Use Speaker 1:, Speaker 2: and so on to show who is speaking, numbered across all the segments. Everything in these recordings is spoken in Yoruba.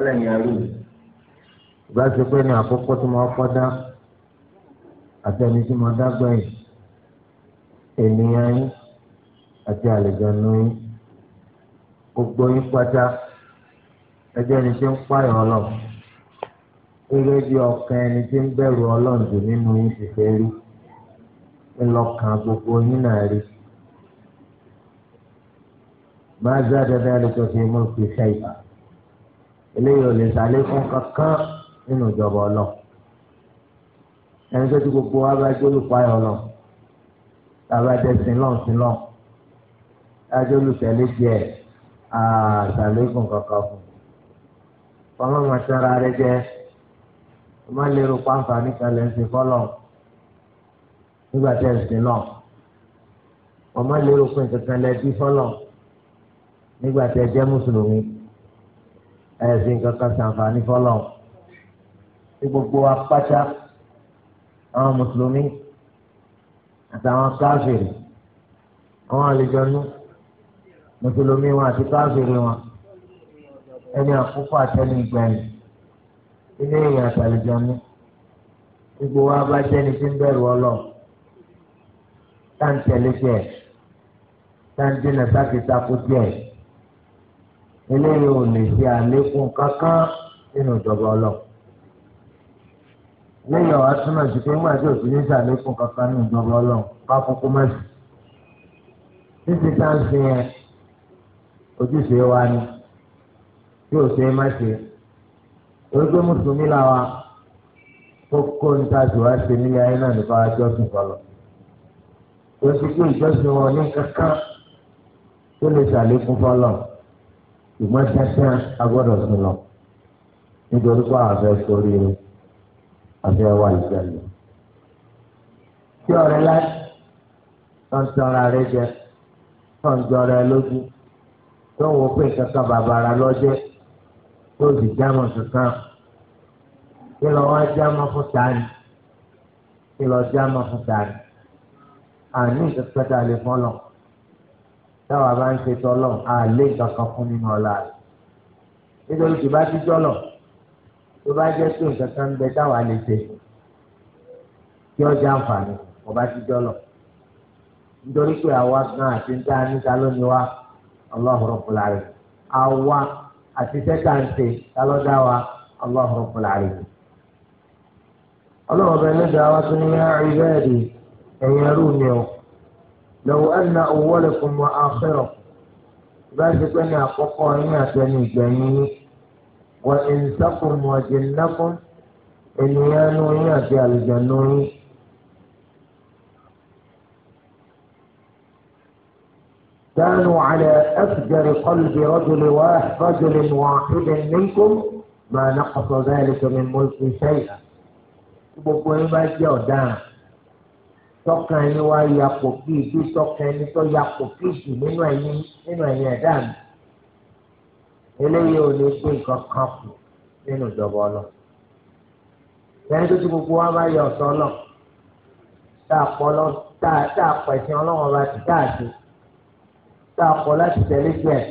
Speaker 1: ọlẹ́yìn ẹrú yìí ìgbà tó pé ní àkókò tí wọ́n kọ́ dá àtẹni tí wọ́n dágbà yìí ènìyàn yín àti àlejànú yín gbogbo yín pátá ẹjọ́ ẹni tí ń pààyàn ọlọ́run eré bí ọkàn ẹni tí ń bẹ̀rù ọlọ́run jù nínú yín ti fẹ́ rí ńlọkàn gbogbo yín náà rí máa dandan lóko fi ṣe ìbàdàn. eléyìí ò lè sàlékún kankan nínú ìjọba ọlọ ẹni tó ti gbogbo wa bá jẹ́ olùpáyọ lọ bàbá jẹ́ sinlọ́n sinlọ́n dájọ́ olùtẹ̀lé díẹ̀ àṣàlékún kankan fún un ọmọ màtara rẹ jẹ́ ọmọ lérò pàǹfààní kan lè ń ṣe fọlọ́ nígbà tẹ̀ ń sinlọ́n ọmọ lérò pé kankan lè bí nígbà tẹ̀ jẹ́ mùsùlùmí ẹ̀sìn kankan sàǹfààní fọlọ́ ní gbogbo apáta àwọn mùsùlùmí àtàwọn káfíìrì àwọn àlejòónú mùsùlùmí wọn àti káfíìrì wọn ẹni àkókò àtẹnu ìgbẹ̀yìn ilé ìyá àtàlejòónú gbogbo wa bá jẹ́ni tí ń bẹ̀rù ọlọ́ táǹtẹ̀lé tiẹ̀ táǹtẹ̀lé sákìtàkó tiẹ̀ eléyìí ò lè ṣe àlékún kankan nínú ìjọba ọlọ́run lẹ́yìn ọ̀hún atúmọ̀ sí pé nígbà tí ò sí ní ṣàlékún kankan nínú ìjọba ọlọ́run bá kúkú mẹ́sì títí tá à ń ṣe yẹn ojúṣe wa ni tí ò ṣe é má ṣe torí pé mùsùlùmí làwa kókó ń ta jù wá ṣe nílé ayé náà nípa ajọ́sìn kọlọ̀ tó ṣe pé ìjọsìn wọn ní kankan tó lè ṣàlékún fọlọ́run ṣùgbọ́n dáadáa a gbọ́dọ̀ sí lọ nítorí pé àwọn afẹ́ sórí afẹ́ wà ìjẹ́lẹ̀. tí ọ̀rẹ́ láì tó ń tọrọ rẹ jẹ tó ń jọrọ ẹ lójú tó ń wo pé kankan bàbàrà lọ́jẹ́ tó sì jámọ̀ kankan kí lọ wá jámọ̀ fún tani kí lọ jámọ̀ fún tani àní kankan tà lè fọ́n lọ. táwa bá ń ṣe tọ́lọ̀ àlé kankan fún nínú ọlá rẹ̀ nítorí tí bá ti tọ́lọ̀ tó bá jẹ́ pé nǹkan kan ń bẹ táwa ọba ti nítorí pé àwa ń dá níta lónìí wa àwa àti ń ṣe tálọ́dá wa ọlọ́run wa ní ẹ̀rí bẹ́ẹ̀ di o. لو أن أولكم وآخركم ذلك أن أقوى إن جميل وإنسكم وجنكم إنيانوا إن في الجنون كانوا على أفجر قلب رجل واحد رجل واحد منكم ما نقص ذلك من ملك شيئا بقول yín bá jẹ́ tọ́ka ẹni wá yapọ̀ kí ìdí tọ́ka ẹni tó yapọ̀ kí ìdí nínú ẹ̀yìn nínú ẹ̀yìn ẹ̀dá mi. eléyìí ò ní pé nǹkan kan kù nínú ìjọba ọlọ. lẹ́yìn tó ti gbogbo wa bá yọ ọ̀sán lọ tá a pọ̀ lọ tá a pọ̀ ẹ̀sìn ọlọ́wọ́n bá ti tá a dé tá láti tẹ̀lé tiẹ̀.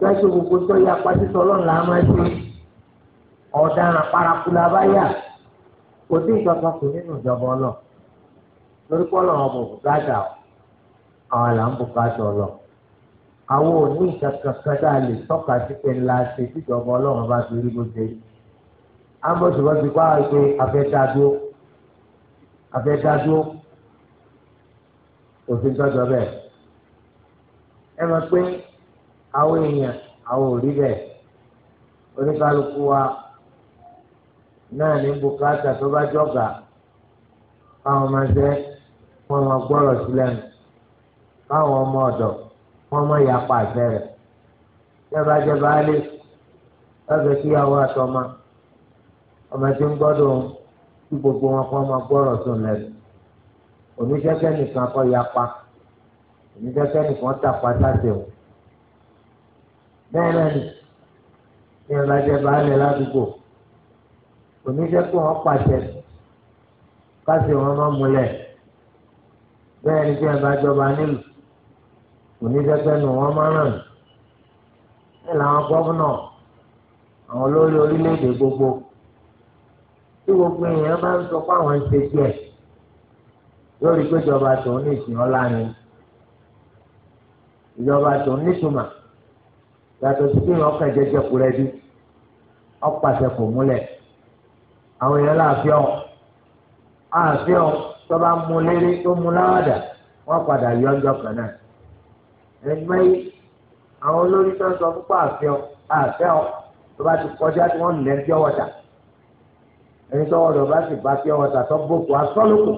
Speaker 1: lẹ́yìn tó gbogbo tó yá pàṣẹ sọlọ́ọ̀ là á ṣe ọ̀daràn paraku la bá yà kò sí nǹkan kù nínú ìjọba ọlọ́ọ̀ lórí kọ́lọ̀ àwọn ọmọ bùkátà àwọn àlà ń bùkátà ọlọ. àwọn òní ìkankan kátà lè tọ́ka sí pé ńlá ṣe tíjọba ọlọ́run bá fi rí bó ṣe. ámbọ̀sì wọ́n ti kọ́ àwọn pé afẹ́dádúró afẹ́dádúró òfin tọ́jọ́ bẹ́ẹ̀. ẹ mọ̀ pé àwọn èèyàn àwọn ò rí bẹ́ẹ̀ oníkálukú wa náà ní bùkátà tó bá jọ̀gà káwọn máa jẹ́ wọ́n máa gbọ́rọ̀ sí lẹ́nu káwọn ọmọ ọ̀dọ̀ wọ́n máa yà pa àṣẹ rẹ̀ jẹ́bàjẹ́bà á lè lọ́sẹ̀ kí àwọn àtọ́mọ ọmọ tí ń gbọ́dọ̀ kí gbogbo wọn kọ́ máa gbọ́rọ̀ sùn lẹ́nu oníṣẹ́ṣẹ́ nìkan kọ́ ya pa oníṣẹ́ṣẹ́ nìkan tàpá sáṣẹ̀ o bẹ́ẹ̀ náà ni jẹ́bàjẹ́bà á lè ládùúgbò oníṣẹ́ kí pàṣẹ káṣẹ̀ máa múlẹ̀ bẹ́ẹ̀ ni jẹ́ bá jọba nílùú onídẹ́gbẹ́ nù wọ́n máa ràn ní làwọn gọ́vnà àwọn olórí orílẹ̀-èdè gbogbo tí gbogbo èèyàn bá ń sọ pé àwọn díẹ̀ lórí péjọba tòun ní ìsìn ọlá ni ìjọba tòun nítumà yàtọ̀ sí pé èèyàn kàn jẹjẹ kúrẹ́ bí ọ̀pàṣẹ kò múlẹ̀ àwọn èèyàn láàfin ọ̀ àfin ọ̀ tọ́ba mú lérí tó mú láwàdà wọ́n padà yọ ọjọ́ kan náà. ẹgbẹ́ yìí àwọn olórí tó ń sọ púpọ̀ àfẹ́ ọ tó bá ti kọjá tí wọ́n lẹ́ pure water ẹni tó wọ́n bá sì bá pure water tó bòkù asọ́lùkù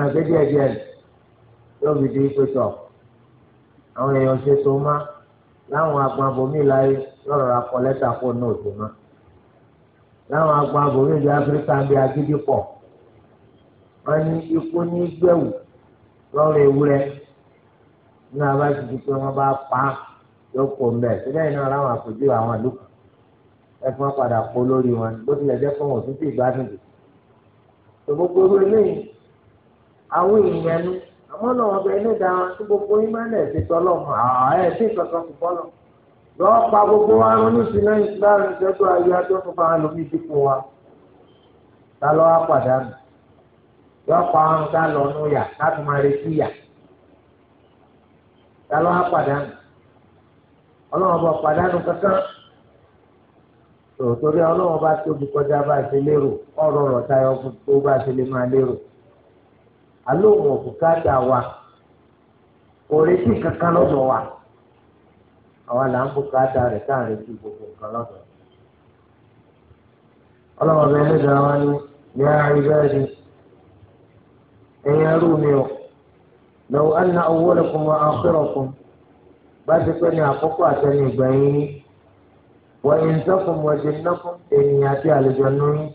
Speaker 1: àgbẹ̀ díẹ̀ díẹ̀ yóò fi di ipe tọ̀ àwọn èèyàn ṣe tó má láwọn agbọn abòmí láyé lọ́rọ̀ akọ lẹ́tà kó náà tó má láwọn agbọn abòmí ìlú áfíríkà ń agídí pọ̀ wọ́n ní ikú ní gbẹ̀wò lọ́rọ̀ ewúrẹ́ ní abá ti di pé wọ́n bá pa á yóò kó mbẹ́ síbẹ̀ iná láwọn àpèjú àwọn àlùkò ẹ̀fọn padà kó lórí wọn bó tilẹ̀ jẹ́ fún wọn títí ìgbádùn dì. gbogbo ewé àwọn èèyàn ni àmọ́ náà wọn bẹ inú da wọn tí gbogbo yín bá lẹ̀ ti tọ́lọ̀ mọ́ àwọn ẹ̀ tí ìkankan kò bọ́ lọ. lọ́ọ́ pa gbogbo wa ronú sí lẹ́yìn láàrin ayé adó fún báwọn lómi dípò wa. ta ló wá pàdánù yọ pa ọrùn ká lọ nù yà láti máa retí yà tálọ́ á pàdánù ọlọ́run bá pàdánù kankan tòótórí ọlọ́run bá tóbi kọjá bá ṣe lérò ọ̀rọ̀ ọ̀rọ̀ tayọ tó bá ṣe lè máa lérò alóhùn òkúta dà kò retí kankan lọ́dọ̀ wa àwa là ń bùkà dà rẹ̀ tá à ń retí gbogbo nǹkan lọ́dọ̀ ọlọ́run ẹ̀yin arú mi o lọ́wọ́ ẹ̀nà owó lẹ́kùn mọ́ àkérọ̀kùn bá ti pẹ́ ní àkókò àtẹnu ìgbà yín ní wọ́n ń sẹ́kùn wọ́jẹ́ nẹ́kùn ènìyàn àti àlejò nù yín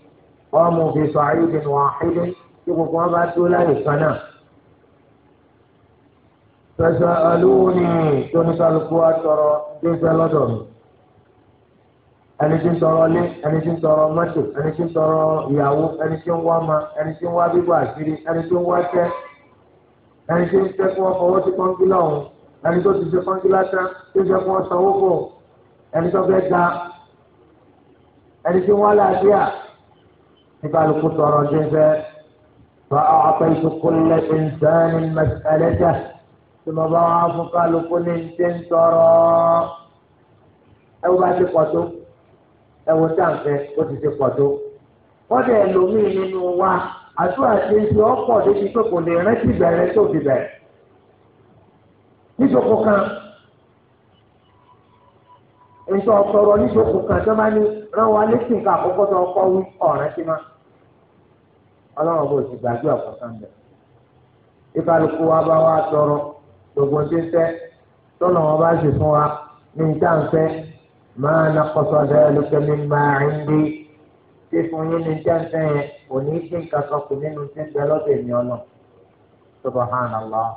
Speaker 1: wọ́n mú sọ àyùdè ní wọ́n àhídé tí gbogbo wọn bá dúró láyè kan náà. pẹ̀sẹ̀ àlùwò ni tóníkàlùkù àtọ̀rọ̀ dé fẹ́ lọ́dọ̀ mi ẹni tí ń sọ̀rọ̀ lé ẹni tí ń sọ̀rọ̀ mọ́tò ẹni tí ń sọ̀rọ̀ ìyàwó ẹni tí ń wá ma ẹni tí ń wá bíbọ̀ àṣírí ẹni tí ń wá tẹ́ ẹni tí ń tẹ́ fún ọkọ̀ owó tí kọ́ńgílà ọ̀hún ẹni tó ti ṣe kọ́ńgílà tán tó ṣe fún ọsàn owó fún ẹni tó fẹ́ ga ẹni tí ń wá láàbíà nípa àlùkò tọrọ ṣe ń fẹ́ fa ọ̀pẹ ìṣokòlẹ̀ ìṣẹ́ni mẹ́tẹ́lẹ́tẹ́ tí mo bá wá fún kálukú ní ti ń tọrọ ẹ ẹwọ sáǹfẹ ó ti ti pọ̀ tó wọ́n dẹ̀ lómìn nínú wa àdúrà ṣe ń fi débi pé kò lè rántí bẹ̀rẹ̀ tó fi bẹ̀rẹ̀ níjókòó kan ètò ọ̀sọ̀rọ̀ níjókòó kan tó bá ní rán wa létí nǹkan àkọ́kọ́ tó ọkọ̀ wí ọ̀rẹ́ sí ma ọlọ́run bò sì gbàgbé ọ̀pọ̀ sáǹfẹ ìkàlùkù wa bá wa sọ̀rọ̀ gbogbo ṣe fẹ́ tọ́nà wọn bá ṣe fún wa ní ìta ń fẹ́ máa nàkọsọ dẹ́lùkẹ́ mi máa ń dé ṣé fún yín ní jẹ́ǹtẹ́ yẹn kò ní í dín kankan kù nínú tí ń bẹ lọ́dọ̀ èmi ọ̀nà subhanallah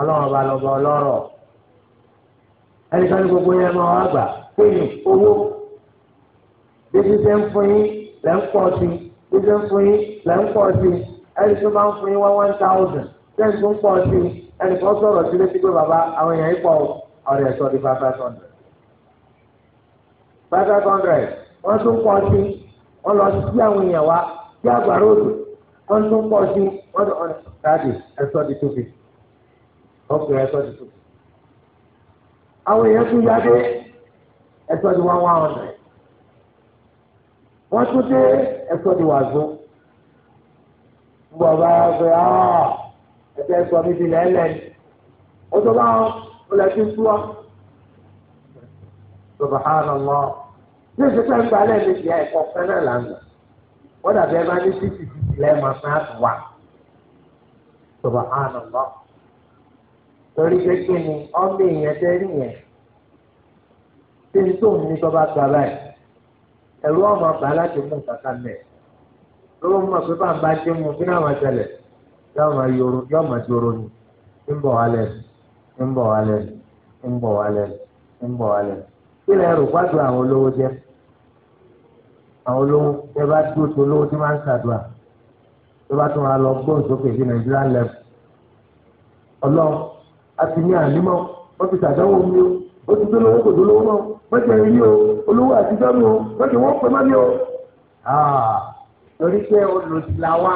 Speaker 1: ọlọ́run ọba lọ́ba ọlọ́rọ̀ ẹnikẹ́ni gbogbo yẹn máa wá gbà pé ní owó bíbí ṣe ń fún yín lẹ́ ń pọ̀ sí bíbí ṣe ń fún yín lẹ́ ń pọ̀ sí ẹni tó máa ń fún yín wá one thousand ṣé ń tún pọ̀ sí ẹnì kan sọ̀rọ̀ sílé sí pé bàbá àwọn èèyàn yìí pọ̀ ọ̀rẹ́ ẹ̀sọ́ di five hundred five hundred wọ́n tún pọ̀ sí wọ́n lọ sí àwọn èèyàn wa sí àgbàrá òdò wọ́n tún pọ̀ sí wọ́n tún ọ̀nà káàdì ẹ̀sọ́ di tóbi ọkùnrin ẹ̀sọ́ di tóbi. àwọn èèyàn tún yá dé ẹ̀sọ́ di one one hundred wọ́n tún dé ẹ̀sọ́ di wàzó gbọ̀ngàn ọ̀gbẹ́ ọ̀ ah, ẹ̀jẹ̀ sọ mi ti lẹ́lẹ̀ ó tó bá wọn ó lẹ́ fi sú subhanallah ní ìsúkẹ́ ń gba lẹ́ẹ̀mejì ẹ̀kọ́ kan náà là ń gbà wọ́n dàbí ẹ bá ní títì títì lẹ́ẹ̀mọ́ fún àtúwà tọba hàn lọ. torí pé kí ni ọmọ èèyàn tẹ́ rí yẹn tí n tó ní tọba gba báyìí ẹ̀rú ọmọ àgbà láti mú kàkà mẹ́ lọ́wọ́ mọ̀ pé bá ń bá jẹ́ mu kí náà máa tẹ̀lẹ̀ yọ máa yòrò ni ń bọ̀ wálẹ̀ ń bọ̀ wálẹ̀ ń bọ̀ wálẹ̀ ń bọ̀ wálẹ̀ kí lè rò pàtó àwọn olówó jẹ àwọn olówó ẹ bá tó tó olówó tí máa ń ṣàdúrà tó bá tún wà lọ gbóhùn sókè sí nàìjíríà lẹ́fù ọlọ́run a ti ní ànímọ́ wọ́n ti ṣàdánwò mi o ó ti dólówó kò dólówó mọ́ wọ́n ti rí o olówó àtijọ́ mi o wọ́n ti wọ́n pẹ́ mọ́ mi o. Ah, torí pé olùsìlà wa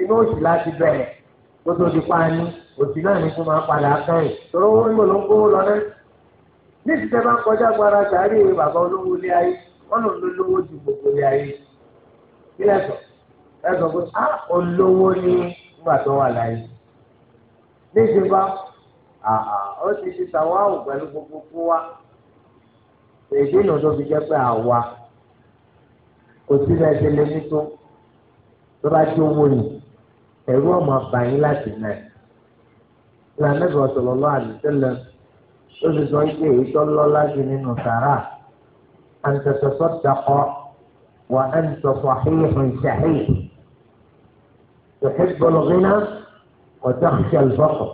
Speaker 1: inú òsìlà ti bẹ̀rẹ̀ kó tó di pa ni òsì náà ní kó máa padà kẹ́yìn torí owó ń lò ló ń kó lọ náà níbi tẹ́ bá ń kọjá gbára sàárè bàbá olówó ilé ayé wọ́n lò ló lówó ju gbogbo ilé ayé kí lẹ́sọ̀ lẹ́sọ̀ pé á ah, olówó ní nígbà tó wà láyé níbi bá ó ti ti tàwa ò pẹ̀lú gbogbo fún wa èdè ìnà tó fi jẹ́ pé àwa kò sí bẹ́ẹ̀ ṣe lé ní tó tó bá tí owó yìí ẹ̀rú ọmọ àbáyín láti náà ìlànà ìgbà ọ̀sọ̀lọ́lọ́ àdìsẹ́lẹ̀ ó sì sọ pé èyí tó lọ́lá jù nínú sàrà àǹtẹ̀sọ̀sọ̀ dàkọ wà àǹtẹ̀sọ̀sọ̀ àhíhùn ṣàhíhì tòhìbọ̀lù gíná ọ̀tá ṣàlùbọ̀kọ̀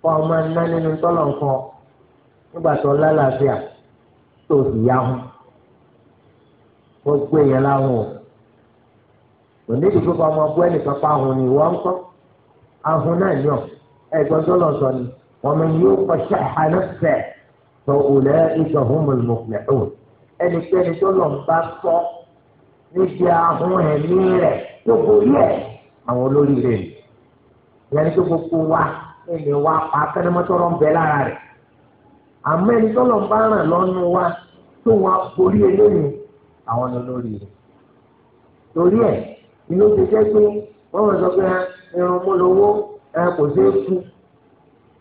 Speaker 1: fún ọmọ ẹ̀ná nínú tọ́lọ̀ nǹkan nígbà tó lálàáfíà tó sì yá hùn gbogbo èèyàn láwọn o òní ìdìbò kan ọmọ ọgbẹ́ nìkan pa ahùn ni ìwọ ń kọ́ ahùn náà ní ọ ẹ̀gbọ́n tó sọ ni. ومن يوق شح نفسه فأولئك هم المفلحون ẹni tẹni tó lọ ń bá sọ níbi ahọ́n ẹ̀mí rẹ̀ tó borí ẹ̀ àwọn olórí rẹ̀ ìyẹn tó gbogbo wa ẹni wa pa akẹ́nẹ́mọ́tọ́rọ́ ń bẹ lára rẹ̀ àmọ́ ẹni tó lọ ń bá ràn lọ́nu wa tó wọn borí eléyìí àwọn olórí rẹ̀ torí ẹ̀ inú ti jẹ́ pé wọ́n mọ̀ sọ pé irun mú lówó ẹ kò sí é kú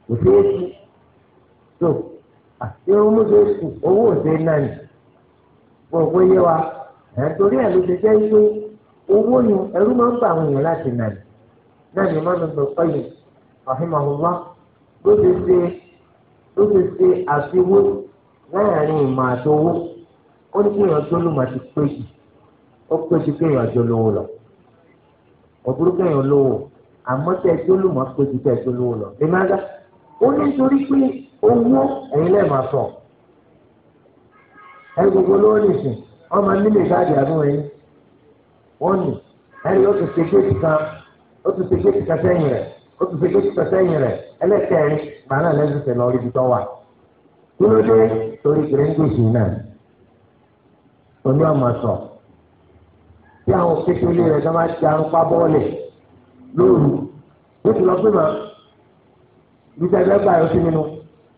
Speaker 1: kò sí èsì tó irun mú ṣe sùn owó òṣè náà nì fún òkú yé wa ẹ̀ torí ẹ̀ ló ṣe jẹ́ pé owó ni ẹ̀rú máa ń bà àwọn èèyàn láti nà ní náà ni máa ń lọ pẹ́yì ọ̀hìnmáwá ló ṣe ṣe ló ṣe ṣe àfiwé láàrin ìmọ̀ àtowó ó ní kéèyàn tó lù mà ti pé ó pé kéèyàn jọ lówó lọ òbúrú kéèyàn lówó àmọ́ tẹ́ tó lù mà pé jù tó lówó lọ ẹ má dá ó ní torí pé owó ẹ̀yin lẹ́ẹ̀ máa sọ ẹ gbogbo ló ní ìsìn ọmọ nílé káàdì àdúrà yín wọ́n ní ẹni ó ti ṣe kéèkì kan ó ti ṣe kéèkì kan sẹ́yìn rẹ̀ ó ti ṣe kéèkì kan sẹ́yìn rẹ̀ ẹlẹ́kẹ̀rin gbàrà lẹ́sẹ̀sẹ̀ lọ rí ibi tó wà kí ló dé torí kìrẹ́ńgèsì náà oní ọmọ sọ tí àwọn kékeré rẹ̀ tó máa ti arúgbá bọ́ọ̀lì lóru ó ti lọ pé màá bíjà lọ́gbà yóò sí nínú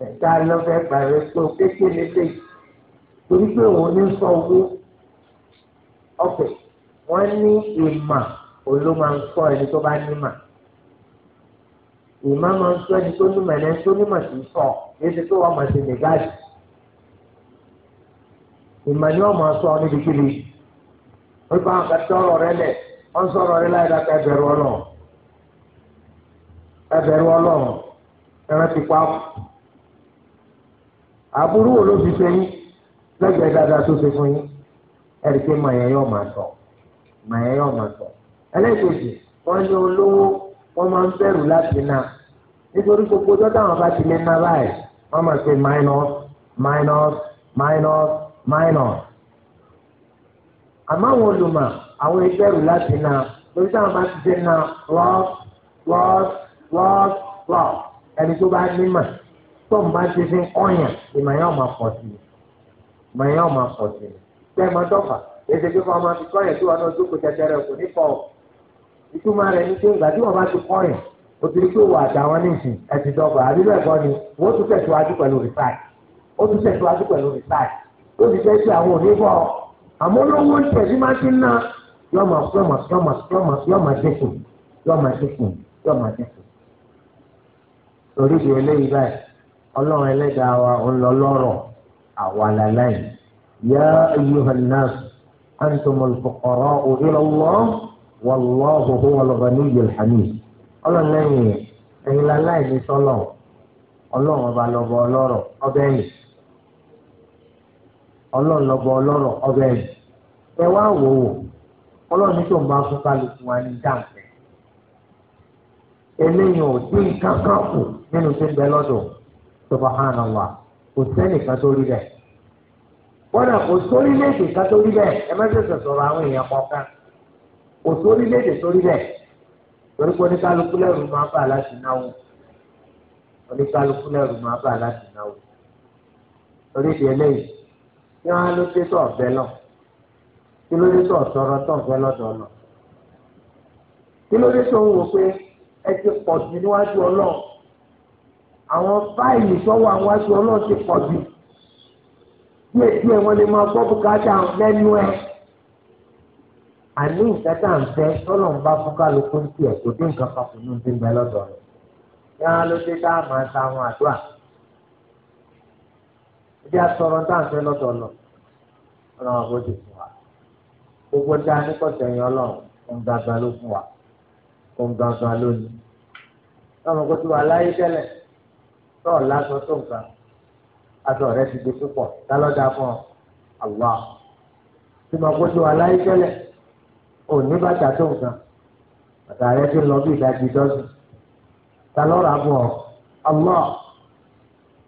Speaker 1: ẹ̀ka lọ́fẹ́ gbà yóò tó kékeré lé torí pé òun ní sọ owó ọ̀fẹ́ wọ́n ní ìmà olóma ń sọ ẹni tó bá nímà
Speaker 2: ìmà máa ń sọ ẹni
Speaker 1: tó nímà ẹni tó nímà sì sọ èsì tó wà máa ṣe nìgáàdì ìmà ni wọ́n máa sọ níbi kíbi wọ́n bá wọn kàtí ọ̀rọ̀ rẹ lẹ̀ wọ́n sọ̀rọ̀ rẹ láyé láti ẹbẹ̀rù ọlọ́run ẹbẹ̀rù ọlọ́run ẹran ti pa ọ́ àbúrò wo ló fi ṣe yín lẹ́gbẹ̀ẹ́ dáadáa tó ṣe fún yín ẹ̀rí pé màyà yóò máa sọ màyà yóò máa sọ ẹlẹ́gbẹ̀ẹ́jì wọ́n ní olówó wọ́n máa ń bẹ̀rù láti nà nítorí gbogbo dọ́tà wọn bá ti lé ná báyìí wọ́n máa ṣe minus minus minus minus àmọ́ àwọn olùmọ̀ àwọn ìbẹ̀rù láti nà lórí táwọn bá ti ṣe nà plus plus plus plus ẹni tó bá nímà tó ń bá ti fi kọ́yàn ìmọ̀ yẹn ọmọ pọ̀ sí i ìmọ̀ yẹn ọmọ pọ̀ sí i tẹ́ mọ dọ́fà èsì pé fọmọ ti kọ́yàn tí wọn náà dúkù tẹ́tẹ́rẹ́ kò ní kọ́ ọ ìtumọ̀ rẹ̀ ni pé ìgbà tí wọn bá ti kọ́yàn o ti rí pé wà àtàwọn nísìn ẹ ti dọ́gba àbí bẹ́ẹ̀ kọ́ ni wọ́n tún tẹ̀síwájú pẹ̀lú rìsáì ó tún tẹ̀síwájú pẹ̀lú rìsáì torí di eléyìí báyìí ọlọ́run ẹlẹ́dàá wa ń lọ lọ́rọ̀ àwa làlàyé yá ayyuhan nas antumul fuqara'u ila Allah wallahu huwal ghaniyyul hamid ọlọ́run lẹ́yìn ẹ̀yin làlàyé ní sọ́lọ̀ ọlọ́run ọba lọ́bọ ọlọ́rọ̀ ọbẹ̀ yìí ọlọ́run lọ́bọ ọlọ́rọ̀ ọbẹ̀ yìí ẹ wá wò ó ọlọ́run tó ń bá fún kálukú wa ní dáǹfẹ̀ eléyìí ò nínú tó ń bẹ lọ́dọ̀ subhanallah kò sẹ́nì kan tó rí bẹ́ẹ̀. wọ́n náà kò sórí léde kan tó rí bẹ́ẹ̀ ẹ má ṣẹ̀ṣẹ̀ sọ̀rọ̀ àwọn èèyàn kọ̀ọ̀kan kò sórí léde tó rí bẹ́ẹ̀ torí pé oníkálukú lẹ́rù máa bà láti náwó oníkálukú lẹ́rù máa bà láti náwó torí ìdí eléyìí kí wọ́n á ló dé tó ọ̀bẹ lọ kí ló dé tó ọ̀tọ̀rọ̀ tó ọ̀bẹ lọ́dọ̀ lọ kí ló dé tó ń wò pé ẹ ti pọ̀ jù níwájú ọlọ́run àwọn fáìlì sọ́wọ́ àwọn aṣọ ọlọ́run ti pọ̀ jù díẹ̀ díẹ̀ wọ́n lè máa gbọ́ bùkátà lẹ́nu ẹ̀ àní ìtẹ́tà ń bẹ tọ́lọ̀ ń bá fúkàlùkù ń tiẹ̀ kò dín nǹkan kan kò ní bí ń bẹ lọ́dọ̀ rẹ̀ yá ló dé tá a máa ta àwọn àdúrà ìdí àtọ̀rọ̀ tá à ń fẹ́ lọ́dọ̀ lọ ọlọ́run àbójì fún wa gbogbo dá nípọ̀tẹ̀ yẹn ọlọ́run kò ń gbàgbà ló fún wa kò ń gbàgbà lónìí tọ́ lásán tó nǹkan aṣọ rẹ ti di púpọ̀ tálọ́dà fún ọ àwa tí mo gbójú aláyé tẹ́lẹ̀ ò ní bàtà tó nǹkan bàtà rẹ ti lọ bí ìdajì dọ́sùn tálọ́rà fún ọ àwa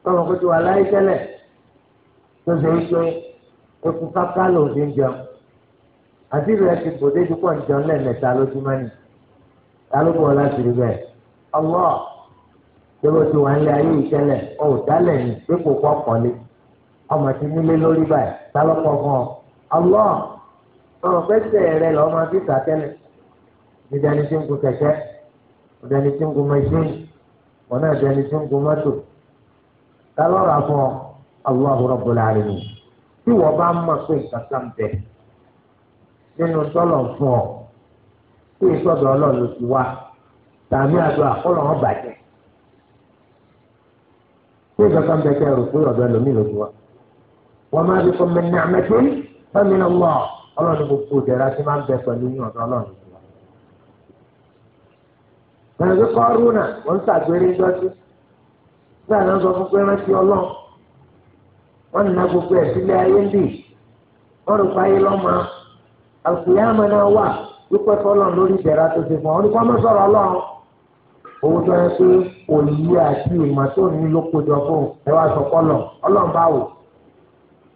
Speaker 1: tí mo gbójú aláyé tẹ́lẹ̀ tó ṣe é pé eku káká ló ń fi ń jẹun àti rẹ ti bòdé dúpọ̀ ń jẹun lẹ́ẹ̀mẹ́ta lójúmọ́ ni tálọ́bù ọlá ti rí bẹ́ẹ̀ àwa tẹ́lẹ̀ tí wọ́n lé ayé ìṣẹ̀lẹ̀ ọ̀dálẹ̀ ní dípò pọ́kànlé ọmọ ti nílé lórí báyìí tálọ́pọ̀ fún ọ. ọlọ́ ọ̀rọ̀ pẹ́sẹ̀ rẹ lọ́mọ bí sàtẹ́lẹ̀ níjàni tí ń gun kẹ̀kẹ́ níjàni tí ń gun mẹ́ṣíìnì wọn náà jẹ́ni tí ń gun mọ́tò tálọ́ra fún ọ Allahu Rabbul Alamin tí wọ́n bá mọ̀ pé kankan bẹ̀ nínú sọ́lọ̀ fún ọ tí ìsọ̀dọ̀ ọlọ́run ti wá tàbí àdó àkọlọ́ wọn bàjẹ́ ṣé ìjọba ń bẹ kẹ́ ẹ̀rù pé ọ̀dọ́ ẹlòmíì ló ti wá. wọ́n máa fi fún mi ní àmẹ́tí fẹ́mi ní wọ́ ọlọ́run gbogbo ìdẹ̀ra tí máa ń bẹ pẹ̀lú ní ọ̀dọ́ ọlọ́run. bẹ̀rẹ̀ pé kọ́rùnà wọ́n ń ṣàgbére dọ́jú bẹ́ẹ̀ náà sọ fún pé rántí ọlọ́run wọ́n nà gbogbo ẹ̀ sílé ayé ń bì wọ́n rò pé ayé lọ́mọ àkùyàmọ́ náà wà wípé fọlọ́run lórí ìdẹ̀ra tó ti fún ọ owó tó yẹ pé òye àti ìmọ̀ tó ní ló kojọ fún ẹ wá sọ kọ́lọ̀ ọlọ́run bá wò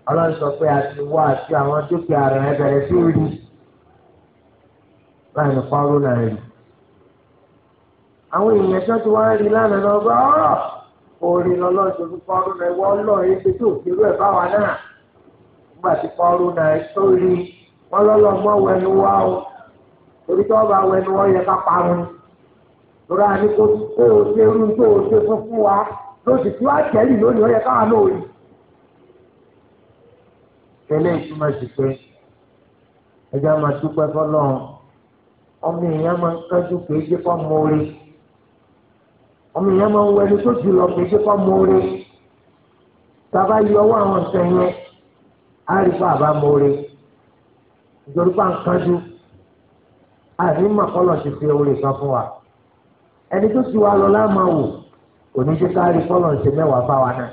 Speaker 1: ọlọ́run sọ pé àti wá àti àwọn dúkìá rẹ̀ ẹ bẹ̀rẹ̀ sí rí báyìí ní kọ́rọ́ náà rí àwọn èèyàn tó ti wá rí lánàá lọ bá ọ̀rọ̀ orin lọ́lọ́run tó fi kọ́rọ́ náà wọ́ ọlọ́run èyí tó kéré ẹ̀ báwa náà nígbà tí kọ́rọ́ náà tó rí wọn lọ́lọ́ mọ́ wẹnu wá o torí tó bá wẹnu wọ́n yẹ ká parun lọ́rọ̀ àní kó o ṣe irú tó o ṣe fún fún wa lóṣù tí wàá tẹ̀lé lónìí ó yẹ káwọn náà rí. tẹ́lẹ̀ ìtumọ̀ sí pé ẹja máa dúpẹ́ fọlọ́run ọmọ èèyàn máa ń kájú kéje kọ́ mọ orí ọmọ èèyàn máa ń wẹni tó jù lọ kéje kọ́ mọ orí tába yọ ọwọ́ àwọn nǹkan yẹn á rí fún àbá mọ ìjọba ń kájú àbí màkọ́lọ̀ ti fi orí kan fún wa ẹni tó sì wá lọ láàmà wò kò ní ṣe káàrí fọlọ́ ṣe mẹ́wàá fáwa náà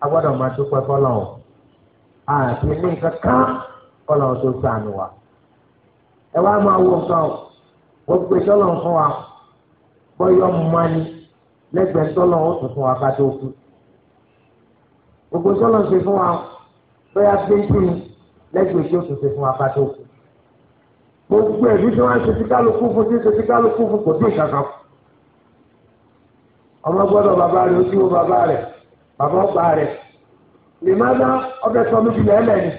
Speaker 1: a gbọ́dọ̀ máa dúpẹ́ fọlọ́ o àti ní kankan fọlọ́ tó sànù wa ẹ wá máa wo nǹkan o wọ́n gbé tọ́lọ̀ fún wa bọ́yọ̀ mọ́ni lẹ́gbẹ̀ẹ́ tọ́lọ̀ ó tún fún wa ká tó kú gbogbo tọ́lọ̀ ṣe fún wa bóyá pé kí ni lẹ́gbẹ̀ẹ́ tó tún ṣe fún wa ká tó kú gbogbo ẹ̀mí tí wọ́n ṣe ti kálukú fún tí ṣe ti kálukú fún kò tó ìṣàkà fún. ọmọ gbọ́dọ̀ bàbá rẹ̀ ojú wo bàbá rẹ̀ bàbá ọ̀pá rẹ̀ lè má dá ọbẹ̀ sọmi ju lẹ́lẹ̀ ni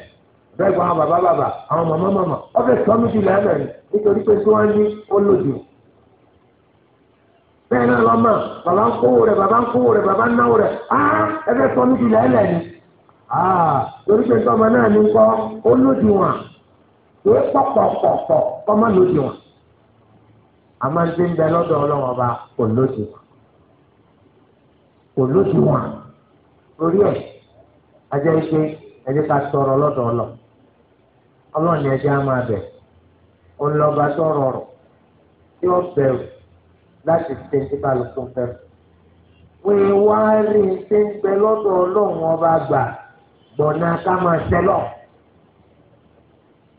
Speaker 1: bẹ́ẹ̀ gba àwọn bàbá bàbá àwọn màmá màmá ọbẹ̀ sọmi ju lẹ́lẹ̀ ni nítorí pé tí wọ́n ní ó lòdì. bẹ́ẹ̀ náà lọ́mọ bàbá ń kówó rẹ̀ bàbá ń kówó rẹ̀ bàbá ń náwó rẹ̀ áá ẹbẹ̀ sọmi ju lẹ́lẹ̀ ni. àà torí pé tọ́mọ náà ní kọ́ ó lòdì wọn kìí pọ̀pọ̀pọ̀pọ̀ ọmọ lòdì wọn àmọ́ ń dín bẹ lọ́dọ̀ ọlọ́wọ́n ọba kò lòdì wọn kò lòdì wọn lórí ẹ̀ ajẹ́ ike ẹ̀jẹ̀ ká sọ̀rọ̀ lọ́dọ̀ ọlọ́ ọlọ́run ni ẹ̀jẹ̀ á máa bẹ̀ ọlọ́ba sọ̀rọ̀ ọ̀rọ̀ tí ó bẹ̀rù láti ṣe tí kálukú fẹ́ wọ́n wá rí i ṣe ń bẹ lọ́dọ̀ ọlọ́run ọba gbà gbọ̀nà ká máa ṣẹlọ́ọ̀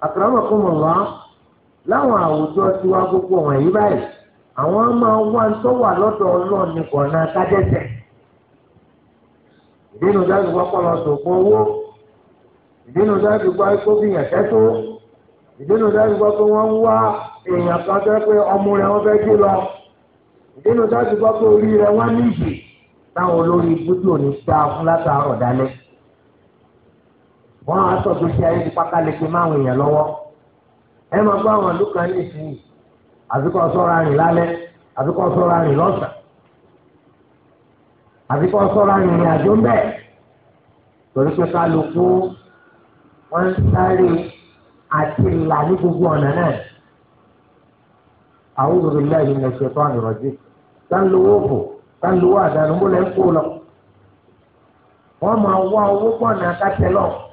Speaker 1: àkàràmọ̀ kó mọ̀ wá láwọn àwùjọ tiwa gbogbo wọ̀nyí báyìí àwọn máa wá ń tọ́wà lọ́dọ̀ ọlọ́run ní kọ̀ọ̀nà kájẹ́sẹ̀ ìdínú dájú wọ́pọ̀ lọ sòkò owó ìdínú dájú gbọ́ ikú bìyàn tẹ́tó ìdínú dájú gbọ́ pé wọ́n ń wá èèyàn kan tẹ́ pé ọmọ rẹ̀ wọ́n fẹ́ gbé lọ ìdínú dájú gbọ́ pé orí rẹ̀ wọ́n ní ìjì táwọn olórí ibùdó ní sáà fún látàárọ̀ dálẹ́ wọ́n á sọ gbèsè ayé ti pátá lè pe máwọn èèyàn lọ́wọ́ ẹ máa gbọ́ àwọn àdúgbò ní ìsinyìí àbíkọ́ sọ́ra rìn lálẹ́ àbíkọ́ sọ́ra rìn lọ́sàn àbíkọ́ sọ́ra rìn rìn àjò ń bẹ̀ torí pé kálukú wọ́n ń sáré àti ìlà ní gbogbo ọ̀nà náà àwùjọ bíi lẹ́yìn ní ṣètò ànìrọ̀jì tá ń lo owó fò tá ń lo owó àdánù mọ́lẹ̀ ń kó lọ wọ́n máa wá owó pọ̀ ní akátẹ́ lọ́wọ́